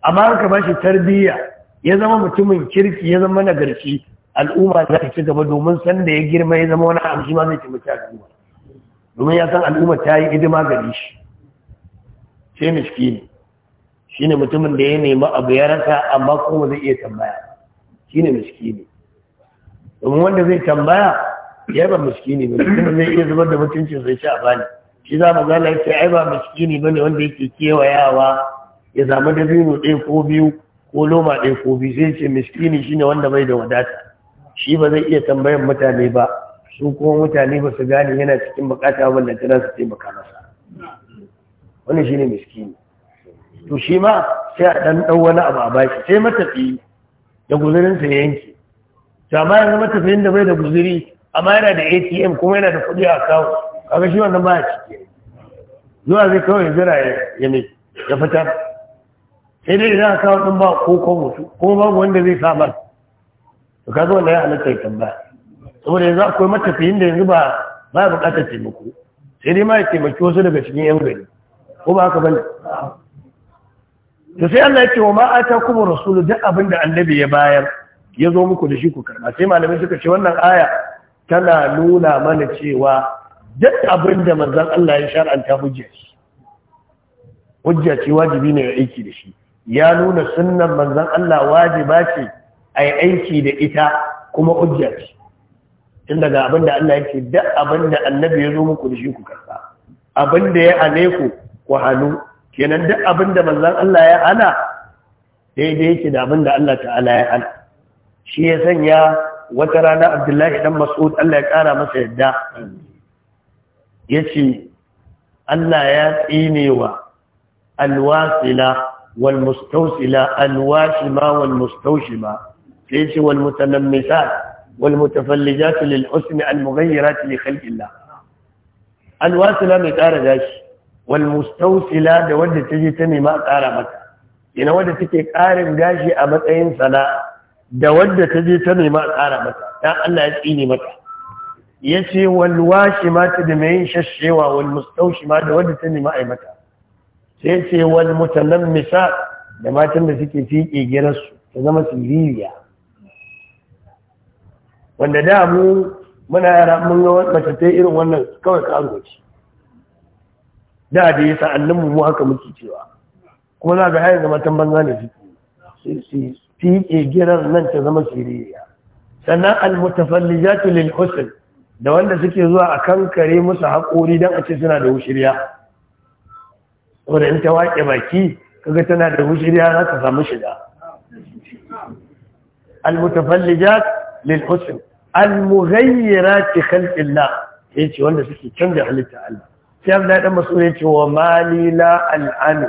amma an ka bashi tarbiyya ya zama mutumin kirki ya zama nagarci al'umma za ta ci gaba domin san da ya girma ya zama wani abu ma zai mace al'umma domin ya san al'umma ta yi hidima gari shi sai miskini shi ne mutumin da ya nemi abu ya rasa amma kuma zai iya tambaya shi ne miskini domin wanda zai tambaya ya ba miskini ne mutumin zai iya zubar da mutuncin zai sha a bani shi za mu zala ce ai ba miskini bane wanda yake kewayawa ya zama da ɗaya ko biyu ko loma ɗaya ko biyu sai ce ne shine wanda bai da wadata shi ba zai iya tambayan mutane ba su kuma mutane ba su gane yana cikin bukata wanda tana su taimaka masa wani shi ne miskini to shi ma sai a ɗan ɗau wani abu a bashi sai matafi da guzurin sa yanki to amma yanzu matafiyin da bai da guzuri amma yana da ATM kuma yana da kuɗi a kawo kaga shi wannan ba ciki zuwa zai kawai jira ya ne ya fitar sai dai idan a kawo ɗin ba ko ko mutu ko babu wanda zai samar to kaga wannan ya halatta ya tambaya saboda yanzu akwai matafiyin da yanzu ba ba buƙatar taimako sai dai ma ya taimaki wasu daga cikin yan gari ko ba haka bane to sai Allah ya ce wa ma kuma rasulu duk abin da annabi ya bayar ya zo muku da shi ku karba sai malamai suka ce wannan aya tana nuna mana cewa duk abin da manzon Allah ya shar'anta hujja shi hujja ce wajibi ne ya aiki da shi ya nuna sunnan manzon Allah wajiba ce a yi aiki da ita kuma hujja ce tun daga abin da Allah yake duk abin da annabi ya zo muku da shi ku karɓa abin da ya hane ku ku hannu kenan duk abin da manzon Allah ya hana daidai yake da abin da Allah ta'ala ya hana shi ya sanya wata rana Abdullahi dan Mas'ud Allah ya kara masa yadda Ya ce Allah ya tsinewa alwasila Alwashima wal والمستوشمة sai ce wal mutanammisat wal mutafallijat lil husn al mughayyirat li khalqi Allah al wasila mai ƙara gashi da ta je ta ina wanda take ƙarin gashi a matsayin sana'a da wanda ta je ta nema ƙara mata dan Allah ya tsine mata yace wal washima da mai shashewa wal ma da wanda ta nema ai mata sai ce wal mutanammisa da matan da suke fiƙe girarsu ta zama siririya wanda da mu muna yara mun ga wata ta irin wannan kawai ka ce da da ya sa'annin mu haka muke cewa kuma za ga hayar zama matan banza ne su fiye girar nan ta zama siriya sannan almutafallijatu lil husn da wanda suke zuwa a kankare musu haƙori don a ce suna da wushiriya wadda in ta waƙe baki kaga tana da hushiriya za ka samu shiga almutafallijat lil husn al mughayyirati khalqillah yace wanda suke canza halitta Allah sai Allah dan masu yace wa mali la al'an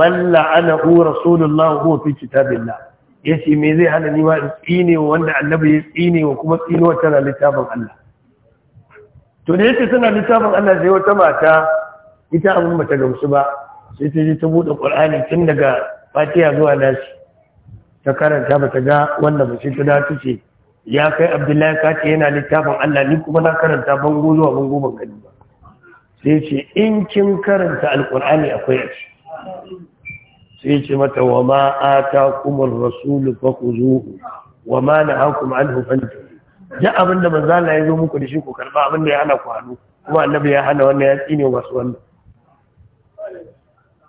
man la'anahu rasulullah huwa fi kitabillah yace me zai hana ni ma tsine wanda annabi ya tsine wa kuma tsinuwa tana littafin Allah to da yace tana littafin Allah sai wata mata ita abin bata gamsu ba sai ta je ta buɗe Qur'ani tun daga Fatiha zuwa Nasi ta karanta bata ga wanda ba sai ta dace ya kai abdullahi kace yana littafin Allah ni kuma na karanta bango zuwa bango ban gani ba sai ce in kin karanta alqur'ani akwai a sai ce mata wa ma atakumur rasul fakhuzuhu wa ma nahakum anhu fantahu da abinda manzo Allah ya zo muku da shi ku karba abinda ya hana ku kuma annabi ya hana wannan ya tsine masu wannan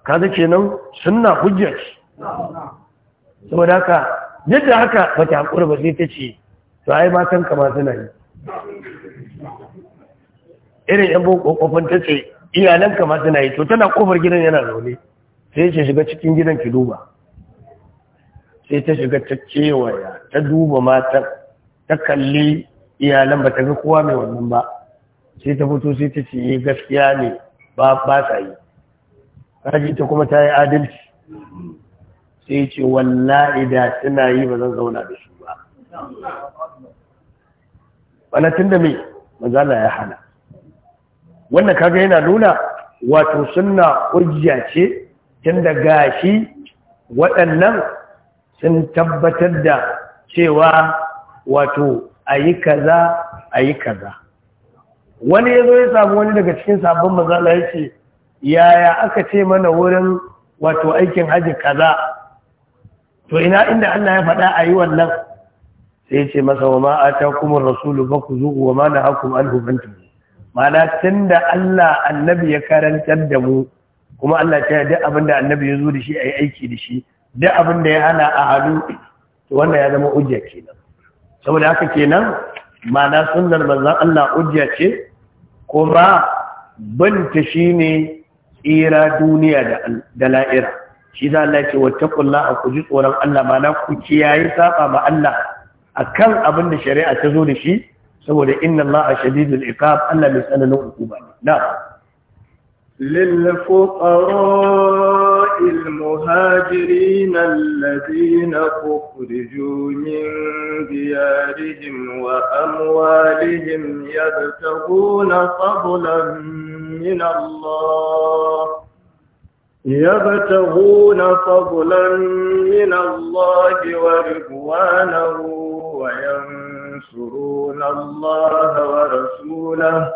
kaga kenan sunna hujja ce saboda haka yadda haka bata hakura ba sai ta ce sai ai matan kama suna yi irin yan boko kofin ta ce iyalan kama suna yi to tana kofar gidan yana zaune sai ta shiga cikin gidan ki duba sai ta shiga ta kewaya ta duba matan ta kalli iyalan ba ta ga kowa mai wannan ba sai ta fito sai ta ce eh, gaskiya ne ba ba sa yi kaji ta kuma ta yi adalci sai ce wallahi da suna yi ba zan zauna da shi ba tun da mai mazala ya hana wannan kaga yana nuna wato suna hujja ce tun da gashi waɗannan sun tabbatar da cewa wato a yi kaza a yi kaza wani ya zo ya samu wani daga cikin sabon mazala ya ce yaya aka ce mana wurin wato aikin hajji kaza to ina inda Allah ya faɗa a yi wannan sai ce masa wa ma kuma rasulu ku wa ma nahakum anhu ma'ana mana da Allah annabi ya karantar da mu kuma Allah ta duk abin da annabi ya zo da shi a yi aiki da shi duk abin da ya hana a hadu wannan ya zama ujja kenan saboda haka kenan mana sunnar manzan Allah ujiya ce kuma banta shine tsira duniya da la'ira shi za Allah ya ce a ku ji tsoron Allah mana ku kiyaye saba ma Allah akan abin da shari'a ta zo da shi saboda inna Allah shadidul iqab Allah mai tsananin hukuma ne na'am للفقراء المهاجرين الذين أخرجوا من ديارهم وأموالهم يبتغون فضلا من الله يبتغون فضلا من الله ورضوانه وينصرون الله ورسوله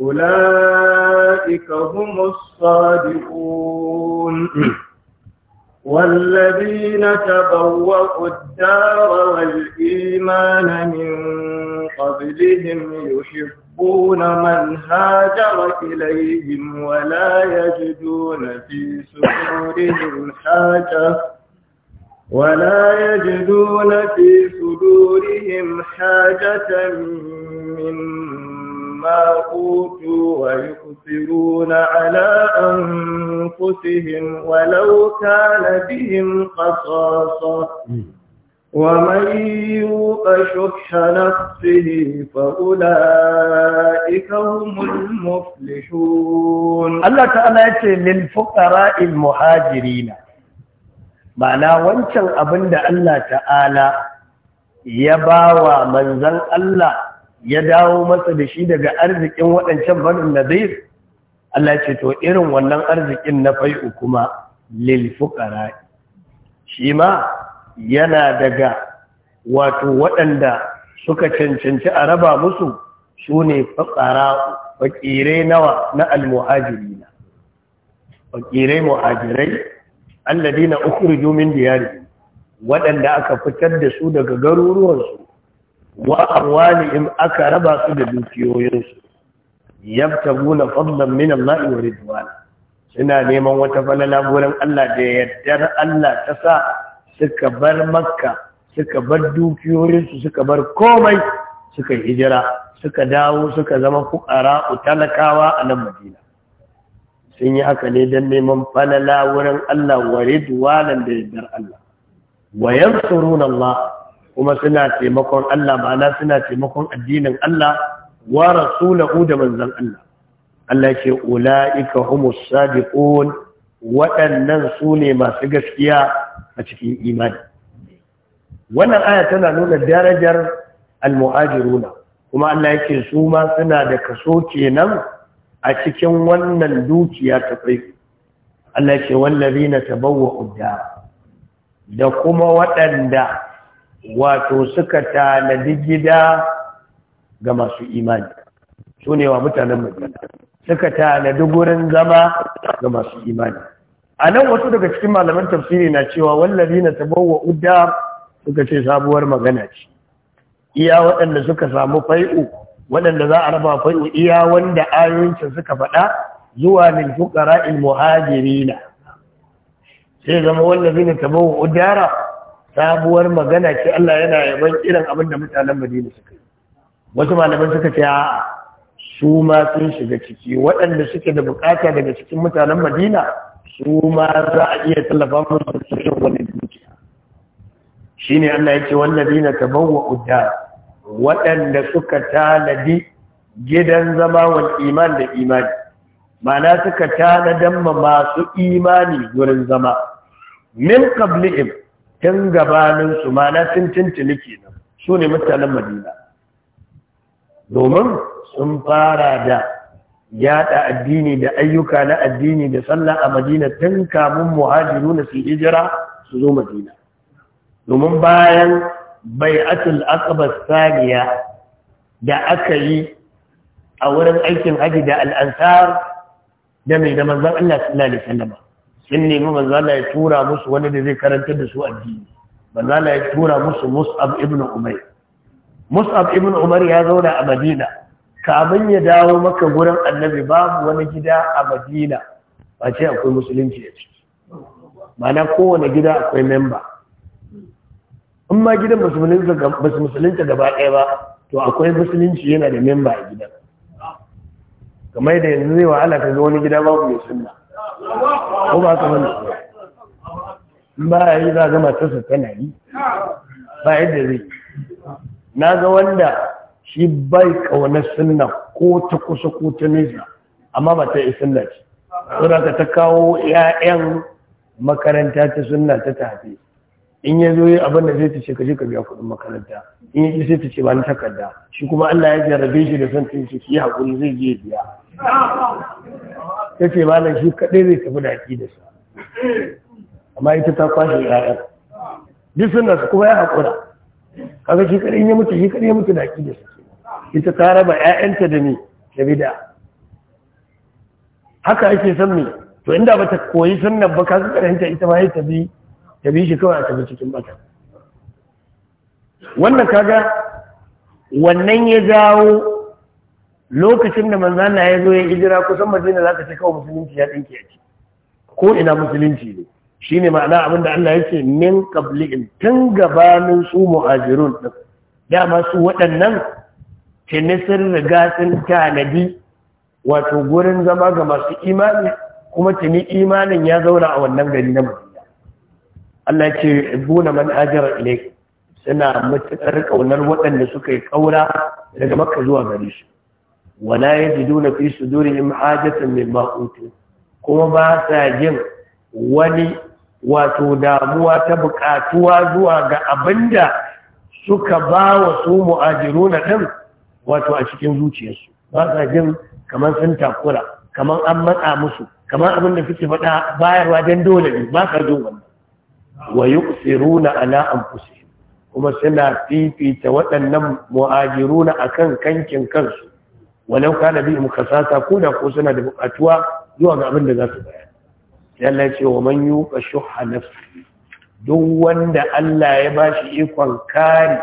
أولئك هم الصادقون والذين تبوأوا الدار والإيمان من قبلهم يحبون من هاجر إليهم ولا يجدون في صدورهم حاجة ولا يجدون في صدورهم حاجة مما أوتوا ويؤثرون على أنفسهم ولو كان بهم خصاصة ومن يوق شح نفسه فأولئك هم المفلحون الله تعالى للفقراء المهاجرين ma'ana wancan abin da Allah ta'ala ya ba wa manzan Allah ya dawo masa da shi daga arzikin waɗancan banin nazir Allah ce to irin wannan arzikin na fai'u kuma lilfukara shi ma yana daga wato waɗanda suka cancanci a raba musu su ne fukara fakirai nawa na almuhajirina fakirai muhajirai alladina ukhriju min diyari waɗanda aka fitar da su daga garuruwansu wa amwalihim aka raba su da dukiyoyinsu yabtaguna fadlan min Allah wa ridwan suna neman wata falala gurin Allah da yaddar Allah ta sa suka bar makka suka bar dukiyoyinsu suka bar komai suka hijira suka dawo suka zama fuqara talakawa a nan Madina sun yi haka ne don neman falala wurin Allah wa ridwanan da yardar Allah wa yansuruna Allah kuma suna taimakon Allah ma'ana suna taimakon addinin Allah wa rasulahu da manzon Allah Allah ce ulaika humus sadiqun waɗannan su ne masu gaskiya a cikin imani wannan aya tana nuna darajar al-mu'ajiruna kuma Allah yake su ma suna da kaso kenan a cikin wannan dukiya ta kai Allah ce wallazina na tabawa udda da kuma waɗanda wato suka tanadi gida ga masu imani Sune ne wa mutanen madina suka tanadi gurin zama ga masu imani Anan wasu daga cikin malaman tafsiri na cewa wallazina na tabawa udda suka ce sabuwar magana ce iya waɗanda suka samu fai'u waɗanda za a raba fa iya wanda ayoyinsa suka faɗa zuwa lil fuqara al muhajirina sai zama wanda zai ta bawa udara sabuwar magana ce Allah yana yaban irin abin da mutanen Madina suka yi wasu malaman suka ce a su ma sun shiga ciki waɗanda suke da bukata daga cikin mutanen Madina su ma za a iya tallafa musu cikin wani dukiya shine Allah ya ce wallazina tabawu udara waɗanda suka tanadi gidan zama wa iman da imani mana suka tanadan ma masu imani wurin zama min qablihim tun gabanin mana sun tuntuni kenan su ne mutanen madina domin sun fara da yada addini da ayyuka na addini da sallah a madina tun kamun muhajiru na su hijira su zo madina domin bayan bai'atul aqaba thaniya da aka yi a wurin aikin haji da al'ansar da mai da manzon Allah sallallahu alaihi wasallam sun nemi manzon Allah ya tura musu wani da zai karantar da su addini manzon Allah ya tura musu Mus'ab ibn Umair Mus'ab ibn Umar ya zauna a Madina kamin ya dawo maka gurin Annabi babu wani gida a Madina ba akwai musulunci a ciki ma'ana kowane gida akwai memba in ma gidan musulunta gaba ɗaya ba to akwai musulunci yana da memba a gidan kamar da yanzu zai wahala ka ga wani gida babu mai sunna ko ba ka wani in ba ya yi za ga tasa tana yi ba yadda zai na ga wanda shi bai kaunar sunna ko ta kusa ko ta nesa amma ba ta yi sunna ce ta kawo 'ya'yan makaranta ta sunna ta tafi in ya zo yi abin da zai ta ce ka ka biya kuɗin makaranta in ya sai ta ce ba ni takarda shi kuma Allah ya jarrabe shi da son ta ce shi haƙuri zai je biya ta ce malam shi kaɗai zai tafi da da sa amma ita ta kwashe ƴaƴan duk suna su kuma ya haƙura kaga shi kaɗai ya mutu shi kaɗai ya mutu da da sa ita ta raba ƴaƴanta da ni da bida haka ake son me to inda bata koyi sannan ba kaga karanta ita ma ya tafi ta bi shi kawai a tafi cikin bata wannan kaga wannan ya jawo lokacin da manzana ya zo ya hijira kusan madina za ka ce kawai musulunci ya ɗinki a ce ko ina musulunci ne shi ne ma'ana abin da Allah ya ce min kabli'in tun gabanin su muhajirun ɗin dama su waɗannan tinisir da riga sun tanadi wato gurin zama ga masu imani kuma tuni imanin ya zauna a wannan gari na mutum Allah ce buna man hajara ilai suna matuƙar ƙaunar waɗanda suka yi ƙaura daga makka zuwa gari shi wala yajiduna fi sudurihim hajatan min utu kuma ba sa jin wani wato damuwa ta buƙatuwa zuwa ga abinda suka ba wa su mu'ajiruna din wato a cikin zuciyarsu ba sa jin kamar sun takura kamar an matsa musu kamar abin da suke faɗa bayarwa don dole ne ba sa jin wannan wa yuqsiruna ala kuma suna fifita waɗannan mu'ajiruna akan kankin kansu walau kana bihim khasasa ko da ko suna da buƙatuwa zuwa ga abin da za su bayar yalla ce wa man yuqa shuhha nafsi duk wanda Allah ya bashi ikon kare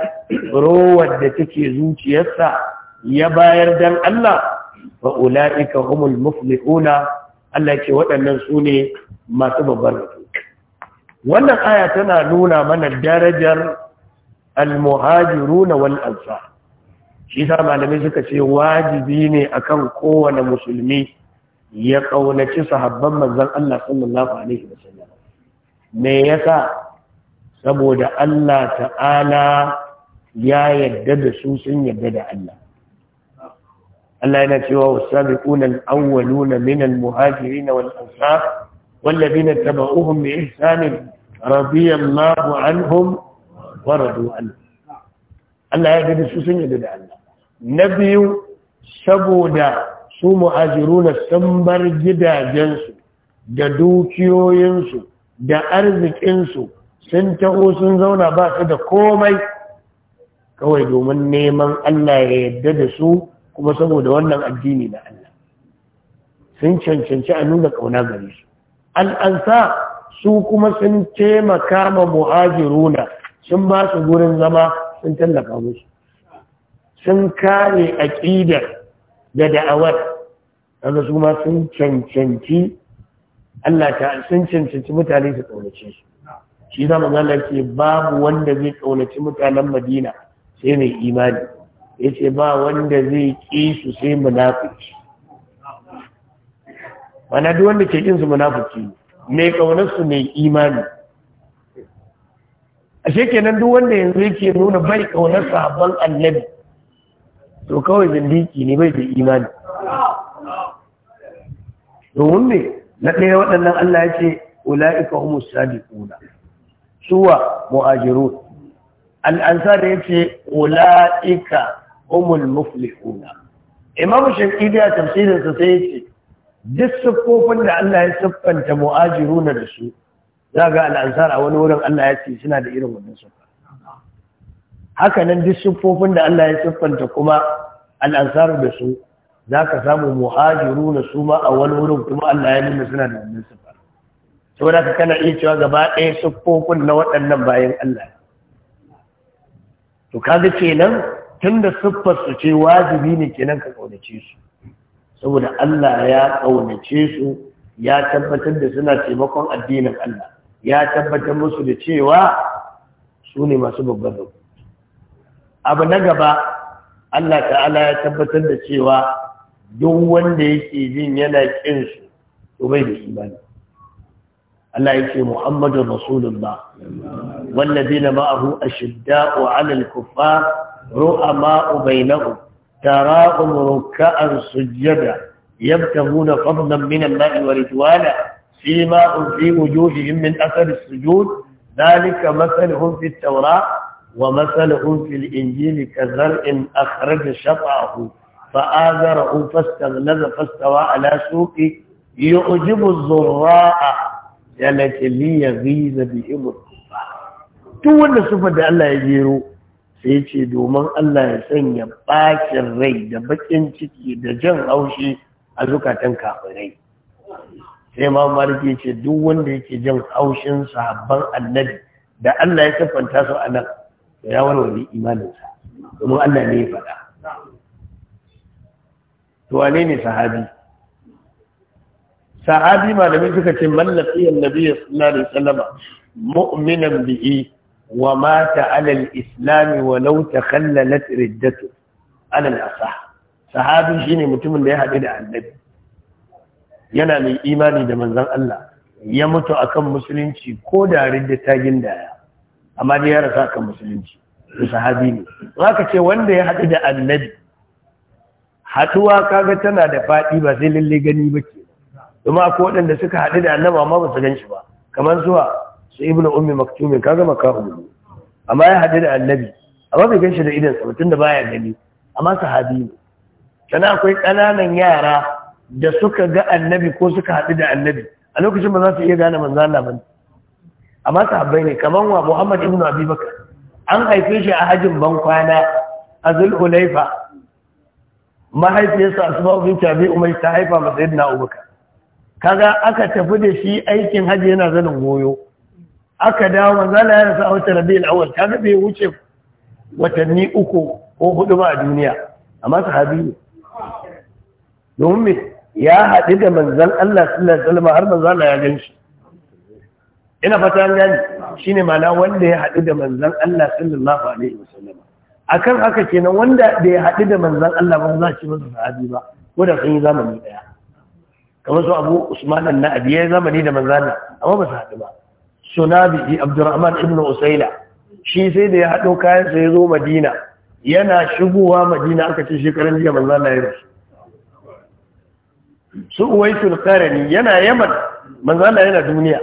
rowar da take zuciyarsa ya bayar dan Allah fa ulaika humul muflihuna Allah ce waɗannan su ne masu babbar wannan aya tana nuna mana darajar almuhajiruna wal ansar shi sa malamai suka ce wajibi ne akan kowane musulmi ya kaunaci sahabban manzon Allah sallallahu alaihi wasallam me yasa saboda Allah ta'ala ya yadda da su sun yadda da Allah Allah yana cewa wasabiquna al-awwaluna min al-muhajirin wal ansar والذين اتبعوهم بإحسان رضي الله عنهم ورضوا عنه Allah ya gani su sun yadda Allah na biyu saboda su muhajiruna na bar gidajensu da dukiyoyinsu da arzikinsu sun taho sun zauna ba su da komai kawai domin neman Allah ya yadda da su kuma saboda wannan addini na Allah sun cancanci a nuna ƙauna gare su al'ansa su kuma sun taimaka ma muhajiruna sun ba su gurin zama sun tallafa musu sun kare aƙidar da da'awar daga su ma sun cancanci Allah ta sun cancanci mutane su ƙaunace su shi za mu ke babu wanda zai ƙaunaci mutanen madina sai mai imani ya ce ba wanda zai ƙi su sai munafiki mana duk wanda ke kinsu munafiki mai kaunarsu mai imani ashe kenan duk wanda yanzu yake nuna bai kaunar sabon annabi to kawai zindiki ne bai da imani domin ne na ɗaya waɗannan Allah ya ce ula'ika humus sadiquna suwa mu'ajirun al'ansar ya ce ula'ika humul muflihuna imam shafi'i da tafsirinsa sai ya ce duk siffofin da Allah ya siffanta mu'ajiruna da su za ga al'ansar a wani wurin Allah ya ce suna da irin wannan siffa haka nan duk siffofin da Allah ya siffanta kuma al'ansar da su za ka samu mu'ajiruna su ma a wani wurin kuma Allah ya nuna suna da wannan siffa saboda ka kana iya cewa gaba ɗaya siffofin na waɗannan bayan Allah to kaga kenan tunda siffar su ce wajibi ne kenan ka kaunace su saboda Allah ya ƙaunace su ya tabbatar da suna taimakon addinin Allah ya tabbatar musu da cewa su ne masu babban rabu abu na gaba Allah ta'ala ya tabbatar da cewa duk wanda yake jin yana ƙin su to bai da imani Allah ya ce Muhammadu Rasulullah wallazina ma'ahu ashidda'u al kuffar ru'ama'u bainahum تراهم ركعا سجدا يبتغون فضلا من الماء ورجوانا فيما في وجوههم من أثر السجود ذلك مثلهم في التوراة ومثلهم في الإنجيل كزرع أخرج شطعه فآذره فاستغلظ فاستوى على سوقه يعجب الزراء التي ليغيظ بهم الكفار تو wanda sufar da sai ce domin Allah ya sanya bakin rai da bakin ciki da jan haushi a zukatan kafirai sai ma maliki ce duk wanda yake jan haushin sahabban annabi da Allah ya kafanta su a nan ya warware imaninsa domin Allah ne ya faɗa to wane ne sahabi sahabi malamin suka ce mallafi annabi sallallahu alaihi wasallam mu'minan bihi Wamata alal islami walau takhallalat riddatu alal asah sahabi shine mutumin da ya haɗu da annabi yana mai imani da manzan Allah ya mutu akan musulunci ko da ridda ta gindaya amma dai ya rasa akan musulunci sahabi ne zaka ce wanda ya haɗu da annabi haɗuwa kaga tana da faɗi ba sai lalle gani ba ke kuma akwai waɗanda suka haɗu da annaba amma ba su gan shi ba kamar zuwa su ibnu ummi maktumin kaga makahu amma ya hadu da annabi amma bai ganshi da idan sa da baya gani amma sahabi ne sannan akwai kananan yara da suka ga annabi ko suka hadu da annabi a lokacin ba za su iya gane manzo Allah ba amma sahabbai ne kaman wa Muhammad ibnu Abi Bakar an haife shi a hajin ban kwana a Zulhulaifa mahaifiyarsa asma'u bin tabi umar ta haifa masa yadda abubakar kaga aka tafi da shi aikin hajji yana zanin goyo aka dawo manzala ya rasu a wata rabi'ul awwal kaga bai wuce watanni uku ko hudu ba a duniya amma sahabi ne domin me ya haɗu da manzan Allah sallallahu alaihi wasallam har manzala ya ganshi ina fata an gani shine mana wanda ya haɗu da manzan Allah sallallahu alaihi wasallam akan haka kenan wanda da ya haɗu da manzan Allah ba za shi masa sahabi ba ko da sun yi zamani daya kamar su Abu Usman an-Na'abi ya zamani da manzan Allah amma ba su haɗu ba sunabi abdurrahman ibn usaila shi sai da ya haɗo kayansa ya zo madina yana shigowa madina aka ce shekaran jiya manzo Allah ya su uwaisul qarani yana yaman manzo Allah yana duniya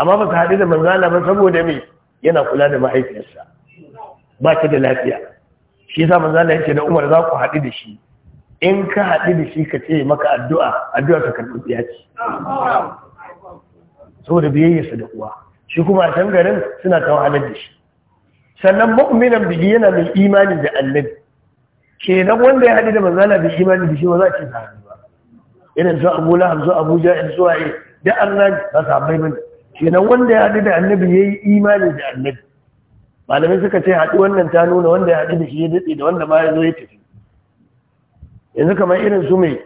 amma ba su haɗu da manzo Allah ba saboda me yana kula da mahaifiyarsa ba ta da lafiya shi yasa manzo Allah yake da Umar za ku haɗu da shi in ka haɗu da shi ka ce maka addu'a addu'a ka karɓi ya ce saboda biyayyarsa da uwa shi kuma a can garin suna kawo halar da shi sannan mu'minan biki yana mai imani da annabi kenan wanda ya haɗu da manzana bai imani da shi ba za ce sahabi ba irin su abu lahab zuwa abu ja'in su waye da annan ba kenan wanda ya haɗu da annabi ya yi imani da annabi malamai suka ce haɗu wannan ta nuna wanda ya haɗu da shi ya daɗe da wanda ba ya zo ya tafi yanzu kamar irin su mai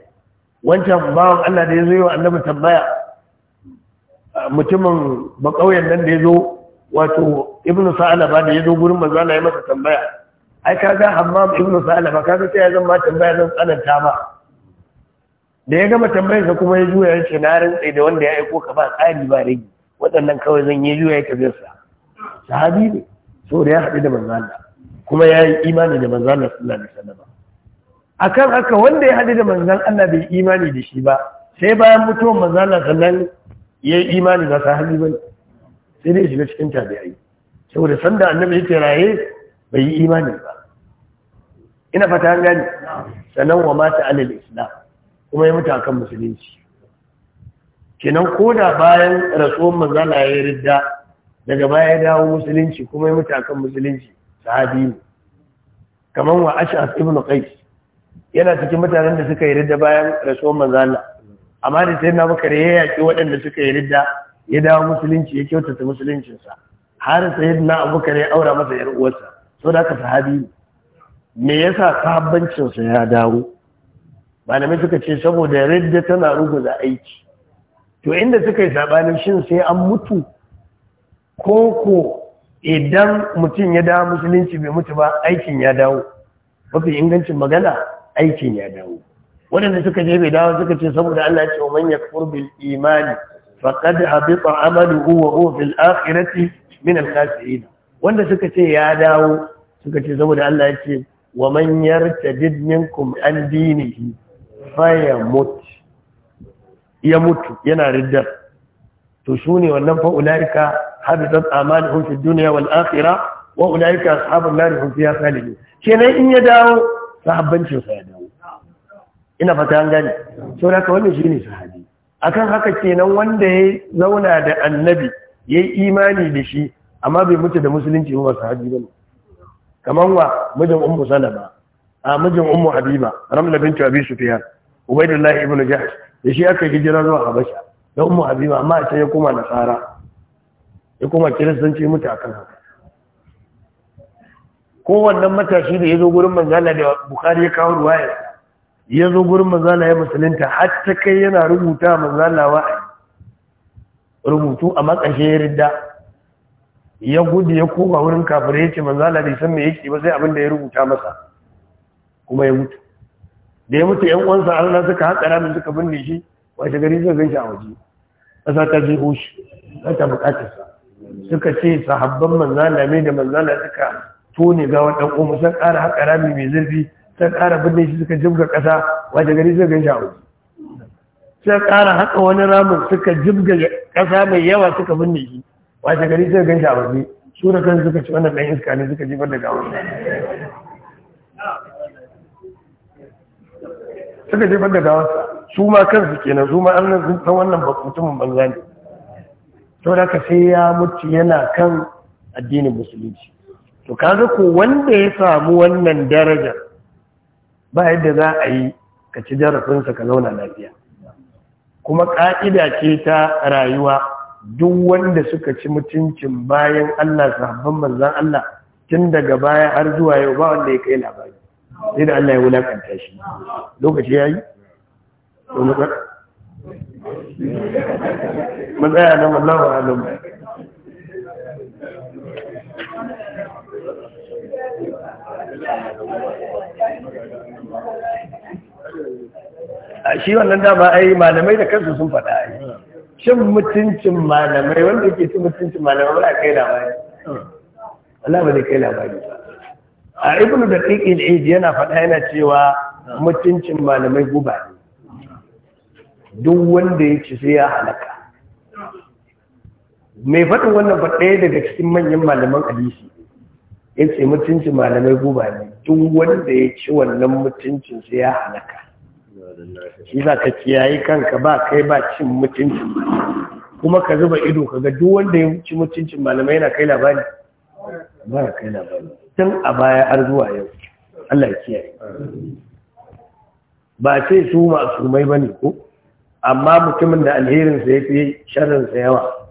wancan bawan Allah da ya zo yi wa annabi tambaya mutumin bakauyen nan da ya zo wato ibnu sa'alaba da ya zo gurin mazana ya masa tambaya ai ka kaga hammam ibnu sa'alaba kaga sai ya zama tambaya zan tsananta ma da ya gama tambayar sa kuma ya juya ya ce na rantsai da wanda ya aiko ka ba tsari ba rigi waɗannan kawai zan yi juya ya tafiyar sa sahabi ne so da ya haɗu da manzana kuma ya yi imani da manzana Allah sallallahu alaihi wasallam kan haka wanda ya haɗu da manzan Allah bai imani da shi ba sai bayan mutuwar manzana sannan ya yi imani ba hannu ba sai dai shiga cikin tabi'ai saboda sanda annabi ya raye bai yi imani ba ina fata an gani sanan wa mata alal islam kuma ya mutu akan musulunci kenan koda bayan rasuwan mazala ya ridda daga baya ya dawo musulunci kuma ya mutu akan musulunci sahabi ne kamar wa ash'as ibn qais yana cikin mutanen da suka yi ridda bayan rasuwan manzala amma da sai na bakar ya yaƙi waɗanda suka yi ridda ya dawo musulunci ya kyautata musuluncinsa har sai na abubakar ya aura masa yar uwarsa so da haka sahabi ne me yasa sahabbancinsa ya dawo malamai suka ce saboda ridda tana ruguza aiki to inda suka yi sabanin shin sai an mutu ko ko idan mutum ya dawo musulunci bai mutu ba aikin ya dawo mafi ingancin magana aikin ya dawo waɗanda suka je bai dawo suka ce saboda Allah ya ce wa man yakfur bil imani faqad habita amadu uwa huwa fil akhirati min al wanda suka ce ya dawo suka ce saboda Allah ya ce wa man yartadid minkum an dini dinihi fayamut ya mutu yana riddar to shune wannan fa ulaika habitat amaluhum fid dunya wal akhirah wa ulaika ashabun nar ya fiha ne. kenan in ya dawo sahabbancin sa ya dawo ina fata an gane sau da wannan shi ne sahabi akan haka kenan wanda ya zauna da annabi ya yi imani da shi amma bai mutu da musulunci ba sahabi ba ne kamar wa mijin ummu salama a mijin ummu habiba ramla bintu abi sufyan ubaidullah ibnu jahsh da shi aka hijira zuwa habasha da ummu habiba amma a can ya koma nasara ya koma kiristanci mutu akan haka kowannen matashi da ya zo gurin manzala da bukari ya kawo ruwaya ya zo gurin mazala ya musulunta har ta kai yana rubuta mazala wa rubutu a makashe ridda ya gudu ya koma wurin kafirai ya ce da ya san me yake ba sai abin da ya rubuta masa kuma ya mutu da ya mutu yan uwansa Allah suka haƙa ramin suka binne shi wace gari zai gan shi a waje ƙasa ta je hoshi za ta buƙatar sa suka ce sahabban manzala mai da manzala suka tone ga ɗan uwa sun ƙara haƙa rami mai zurfi ta ƙara binne shi suka jibga ƙasa wace gari zai gan shi a waje Sai ƙara haka wani ramin suka jibga ƙasa mai yawa suka binne shi wace gari zai gan shi a waje su da kansu suka ci wannan ɗan iska ne suka jifar da gawar suka jefar da gawar su ma kansu kenan su ma an san wannan mutumin banza ne da ka sai ya mutu yana kan addinin musulunci to kaga ko wanda ya samu wannan darajar ba yadda za a yi ka ci jarafinsa ka zauna lafiya kuma ƙa'ida ce ta rayuwa duk wanda suka ci mutuncin bayan Allah sahabban manzan Allah tun daga baya har zuwa yau ba wanda ya kai labari sai da Allah ya wulakanta shi lokaci ya yi? matsaya na mallawa Thank A shi wannan dama ai malamai da kansu sun faɗa ai cin mutuncin malamai wanda yake cin mutuncin malamai ba kai labari Allah ba zai kai labari a ibnu da qiqil aid yana faɗa yana cewa mutuncin malamai guba ne duk wanda ya ci sai ya halaka mai faɗin wannan faɗaya daga cikin manyan malaman hadisi ya ce mutuncin malamai guba ne duk wanda ya ci wannan mutuncin sai ya halaka shi za ka kiyayi kanka ba kai ba cin mutuncin kuma ka zuba ido ka ga duk wanda ya ci mutuncin malamai yana kai labari ba kai labari tun a baya har zuwa yau Allah ya kiyaye ba ce su mai ba ne ko amma mutumin da alherinsa ya fi sharrinsa yawa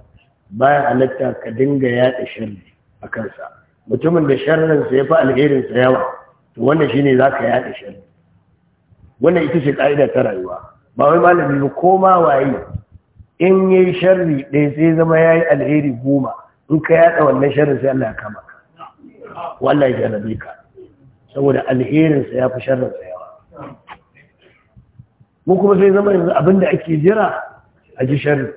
baya halatta ka dinga yaɗa shirin a kansa mutumin da sharrin sa ya fi sa yawa to wannan shine zaka yaɗa sharri wannan ita ce ƙa'ida ta rayuwa ba wai malami ba ko ma waye in yayi sharri ɗaya sai zama yayi alheri goma in ka yaɗa wannan sharrin sai Allah ya kama ka wallahi ya rabe ka saboda alherinsa ya fi sharrinsa yawa mu kuma sai zama yanzu abinda ake jira a ji sharri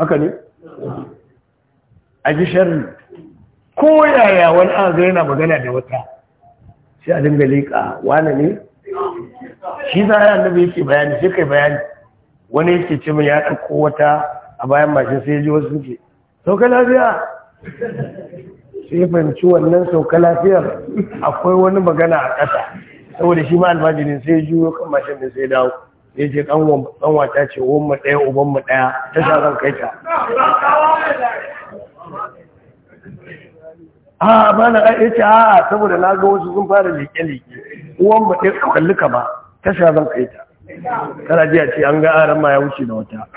haka ne a ji sharri ko yaya wani an zai yana magana da wata sai a dinga leƙa wane ne shi za a annabi yake bayani sai kai bayani wani yake ce mai ya ɗauko wata a bayan mashin sai ya ji wasu suke. sauka lafiya sai ya fahimci wannan sauka lafiyar akwai wani magana a ƙasa saboda shi ma almajirin sai ya juyo kan mashin da sai dawo ya ce ɗan wata ce wani mu ɗaya uban mu ɗaya ta sha zan kai ta a ba na ya ce a saboda na ga wasu sun fara leƙe-leƙe uwan ba ɗaya kalli ka ba tasha zan kai ta kana jiya ce an ga aran ma ya wuce da wata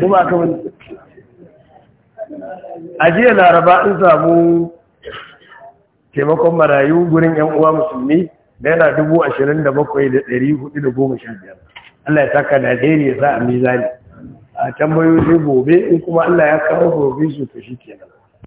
kuma aka wani a jiya laraba in samu taimakon marayu gurin yan uwa musulmi da yana dubu ashirin da bakwai da ɗari hudu da goma sha biyar Allah ya saka Najeriya za a mizani a tambayoyi gobe in kuma Allah ya kawo gobe su ta shi kenan